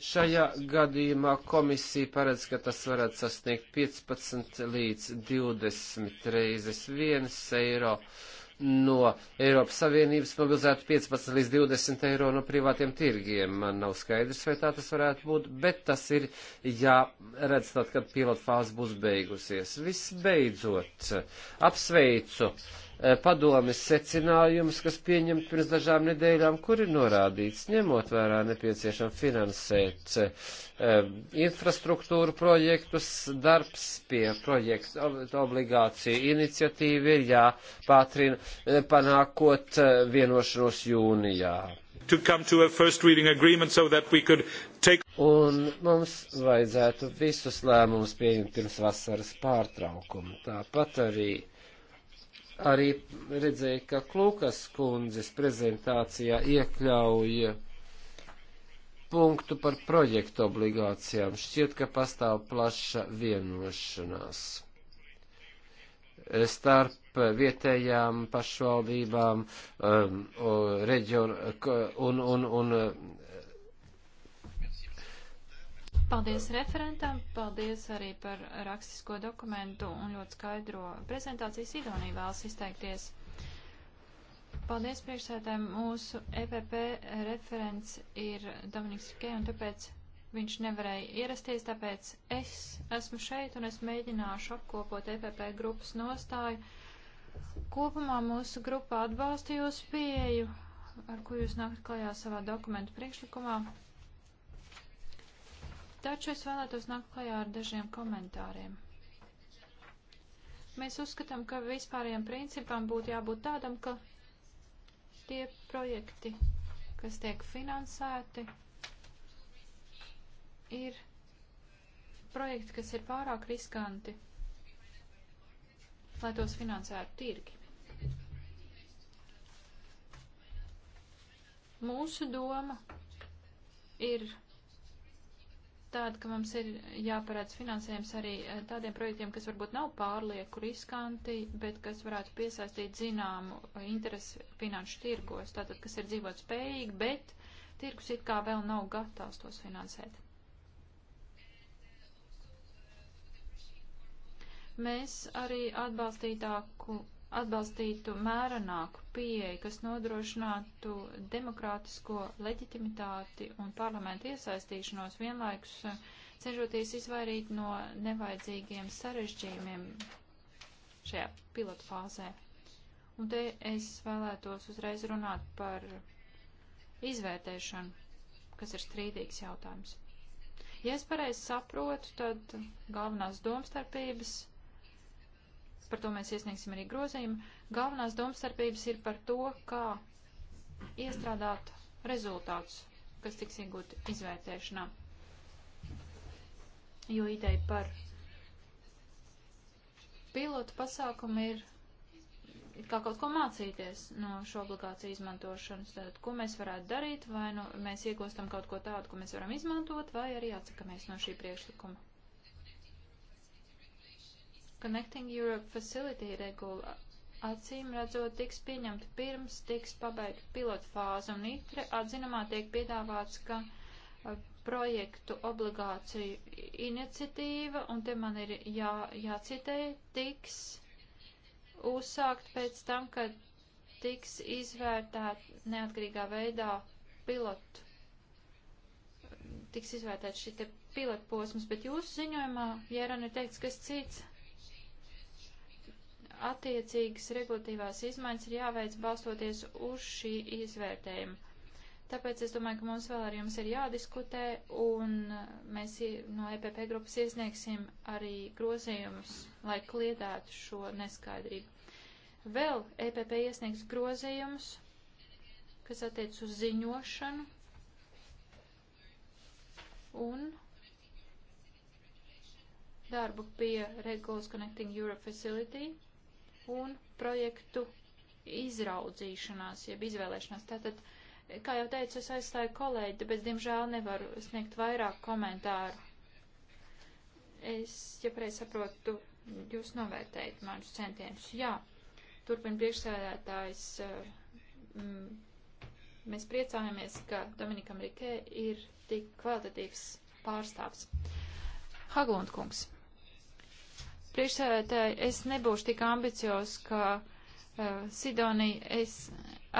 šajā gadījumā komisija paredz, ka tas varētu sasniegt 15 līdz 20 reizes 1 eiro. Uh, no Eiropas Savienības mobilizētu 15 līdz 20 eiro no privātiem tirgiem. Man nav skaidrs, vai tā tas varētu būt, bet tas ir jāredz tad, kad pilota fāze būs beigusies. Visbeidzot, apsveicu Eh, padomes secinājumus, kas pieņemt pirms dažām nedēļām, kur ir norādīts, ņemot vērā nepieciešam finansēt e, infrastruktūru projektus, darbs pie projektu obligāciju iniciatīvi ir jāpātrina, eh, panākot vienošanos jūnijā. To to so take... Un mums vajadzētu visus lēmumus pieņemt pirms vasaras pārtraukuma. Tāpat arī arī redzēju, ka Klukas kundzes prezentācijā iekļauja punktu par projektu obligācijām. Šķiet, ka pastāv plaša vienošanās starp vietējām pašvaldībām um, reģionu un, un, un Paldies referentam, paldies arī par rakstisko dokumentu un ļoti skaidro prezentāciju. Sidonija vēlas izteikties. Paldies priekšsētājiem. Mūsu EPP referents ir Dominiks Kē, un tāpēc viņš nevarēja ierasties, tāpēc es esmu šeit un es mēģināšu apkopot EPP grupas nostāju. Kopumā mūsu grupa atbalsta jūsu pieeju, ar ko jūs nākat klajā savā dokumentu priekšlikumā. Taču es vēlētos nākt klajā ar dažiem komentāriem. Mēs uzskatām, ka vispārējiem principam būtu jābūt tādam, ka tie projekti, kas tiek finansēti, ir projekti, kas ir pārāk riskanti, lai tos finansētu tirgi. Mūsu doma ir tāda, ka mums ir jāparāds finansējums arī eh, tādiem projektiem, kas varbūt nav pārlieku riskanti, bet kas varētu piesaistīt zināmu eh, interesi finanšu tirgos, tātad, kas ir dzīvot spējīgi, bet tirgus it kā vēl nav gatavs tos finansēt. Mēs arī atbalstītāku atbalstītu mērenāku pieeju, kas nodrošinātu demokrātisko leģitimitāti un parlamentu iesaistīšanos vienlaikus, eh, cenšoties izvairīt no nevajadzīgiem sarežģījumiem šajā pilotu fāzē. Un te es vēlētos uzreiz runāt par izvērtēšanu, kas ir strīdīgs jautājums. Ja es pareizi saprotu, tad galvenās domstarpības par to mēs iesniegsim arī grozījumu. Galvenās domstarpības ir par to, kā iestrādāt rezultātus, kas tiks iegūti izvērtēšanā. Jo ideja par pilotu pasākumu ir it kā kaut ko mācīties no šo obligāciju izmantošanas. Tad, ko mēs varētu darīt, vai nu mēs iegūstam kaut ko tādu, ko mēs varam izmantot, vai arī atsakamies no šī priekšlikuma. Connecting Europe Facility regula acīm redzot tiks pieņemta pirms tiks pabeigta pilotu fāze, un ITRE atzinumā tiek piedāvāts, ka uh, projektu obligāciju iniciatīva, un te man ir jā, jācitē, tiks uzsākt pēc tam, kad tiks izvērtēt neatkarīgā veidā pilotu, tiks izvērtēt šī te pilotu posms, bet jūsu ziņojumā, Jēran, ir teikts, kas cits attiecīgas regulatīvās izmaiņas ir jāveic balstoties uz šī izvērtējuma. Tāpēc es domāju, ka mums vēl ar jums ir jādiskutē, un mēs no EPP grupas iesniegsim arī grozījumus, lai kliedētu šo neskaidrību. Vēl EPP iesniegs grozījumus, kas attiec uz ziņošanu, un darbu pie Regulas Connecting Europe Facility un projektu izraudzīšanās, jeb izvēlēšanās. Tātad, kā jau teicu, es aizstāju kolēģi, tāpēc, diemžēl, nevaru sniegt vairāk komentāru. Es, ja pareizi saprotu, jūs novērtējat manus centienus. Jā, turpin priekšsēdētājs. Eh, mēs priecājamies, ka Dominikam Rikē ir tik kvalitatīvs pārstāvs. Haglund kungs. Priekšsēdētāji, es nebūšu tik ambiciozs, kā uh, Sidonija. Es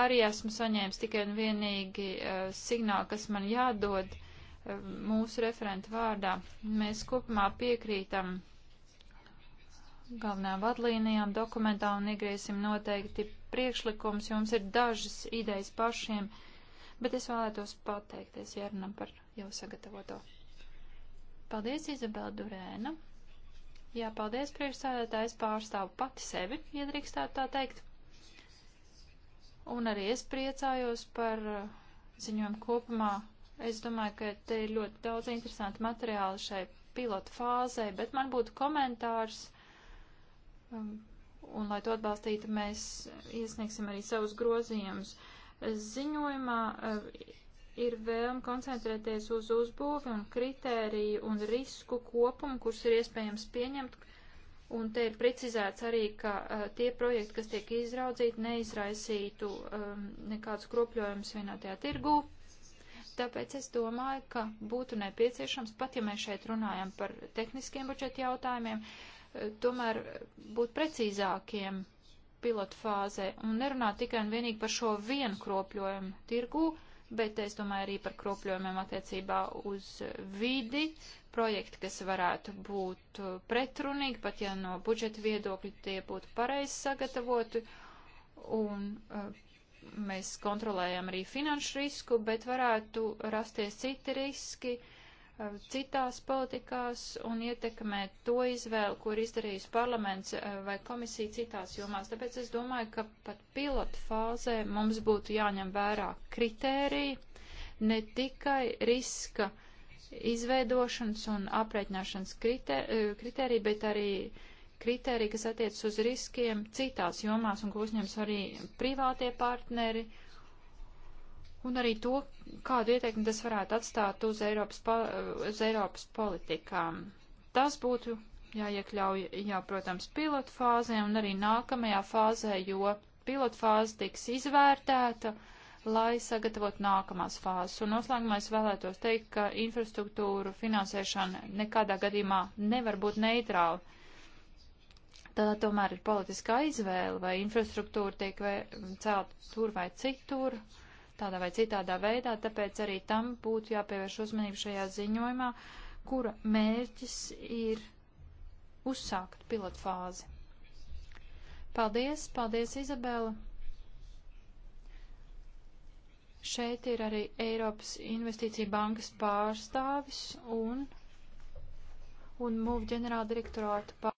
arī esmu saņēmis tikai un vienīgi uh, signālu, kas man jādod uh, mūsu referentu vārdā. Mēs kopumā piekrītam galvenajām vadlīnijām dokumentā un iegriesim noteikti priekšlikums, jums ir dažas idejas pašiem, bet es vēlētos pateikties Jernam par jau sagatavoto. Paldies, Izabela Durēna! Jā, paldies, priekšsēdētājs pārstāvu pati sevi, iedrīkstētu tā teikt. Un arī es priecājos par uh, ziņojumu kopumā. Es domāju, ka te ir ļoti daudz interesanti materiāli šai pilotu fāzē, bet man būtu komentārs. Um, un, lai to atbalstītu, mēs iesniegsim arī savus grozījumus. Ziņojumā uh, ir vēlme koncentrēties uz uzbūvi un kritēriju un risku kopumu, kurus ir iespējams pieņemt. Un te ir precizēts arī, ka uh, tie projekti, kas tiek izraudzīti, neizraisītu um, nekādus kropļojumus vienotajā tirgū. Tāpēc es domāju, ka būtu nepieciešams, pat ja mēs šeit runājam par tehniskiem budžeta jautājumiem, uh, tomēr būt precīzākiem pilotfāzē un nerunāt tikai un vienīgi par šo vienu kropļojumu tirgū, uh, bet es domāju arī par kropļojumiem attiecībā uz vidi, projekti, kas varētu būt pretrunīgi, pat ja no budžeta viedokļa tie būtu pareizi sagatavoti, un eh, mēs kontrolējam arī finanšu risku, bet varētu rasties citi riski, uh, Eh, citās politikās un ietekmē to izvēlu, kur izdarījis parlaments eh, vai komisija citās jomās. Tāpēc es domāju, ka pat pilotu fāzē mums būtu jāņem vērā kritēriji, ne tikai riska izveidošanas un aprēķināšanas eh, kritērija, bet arī kritērija, kas attiecas uz riskiem citās jomās un ko uzņems arī privātie partneri un arī to, kādu ieteikumu tas varētu atstāt uz Eiropas, uz Eiropas politikām. Tas būtu jāiekļauj, jā, protams, pilotu fāzē un arī nākamajā fāzē, jo pilotu fāze tiks izvērtēta, lai sagatavot nākamās fāzes. Un noslēgumā es vēlētos teikt, ka infrastruktūru finansēšana nekādā gadījumā nevar būt neitrāla. Tādā tomēr ir politiskā izvēle, vai infrastruktūra tiek celt tur vai citur. Uh, tādā vai citādā veidā, tāpēc arī tam būtu jāpievērš uzmanību šajā ziņojumā, kura mērķis ir uzsākt pilotfāzi. Paldies, paldies, Izabela! Šeit ir arī Eiropas Investīcija bankas pārstāvis un, un MUV ģenerāldirektorāta pārstāvis.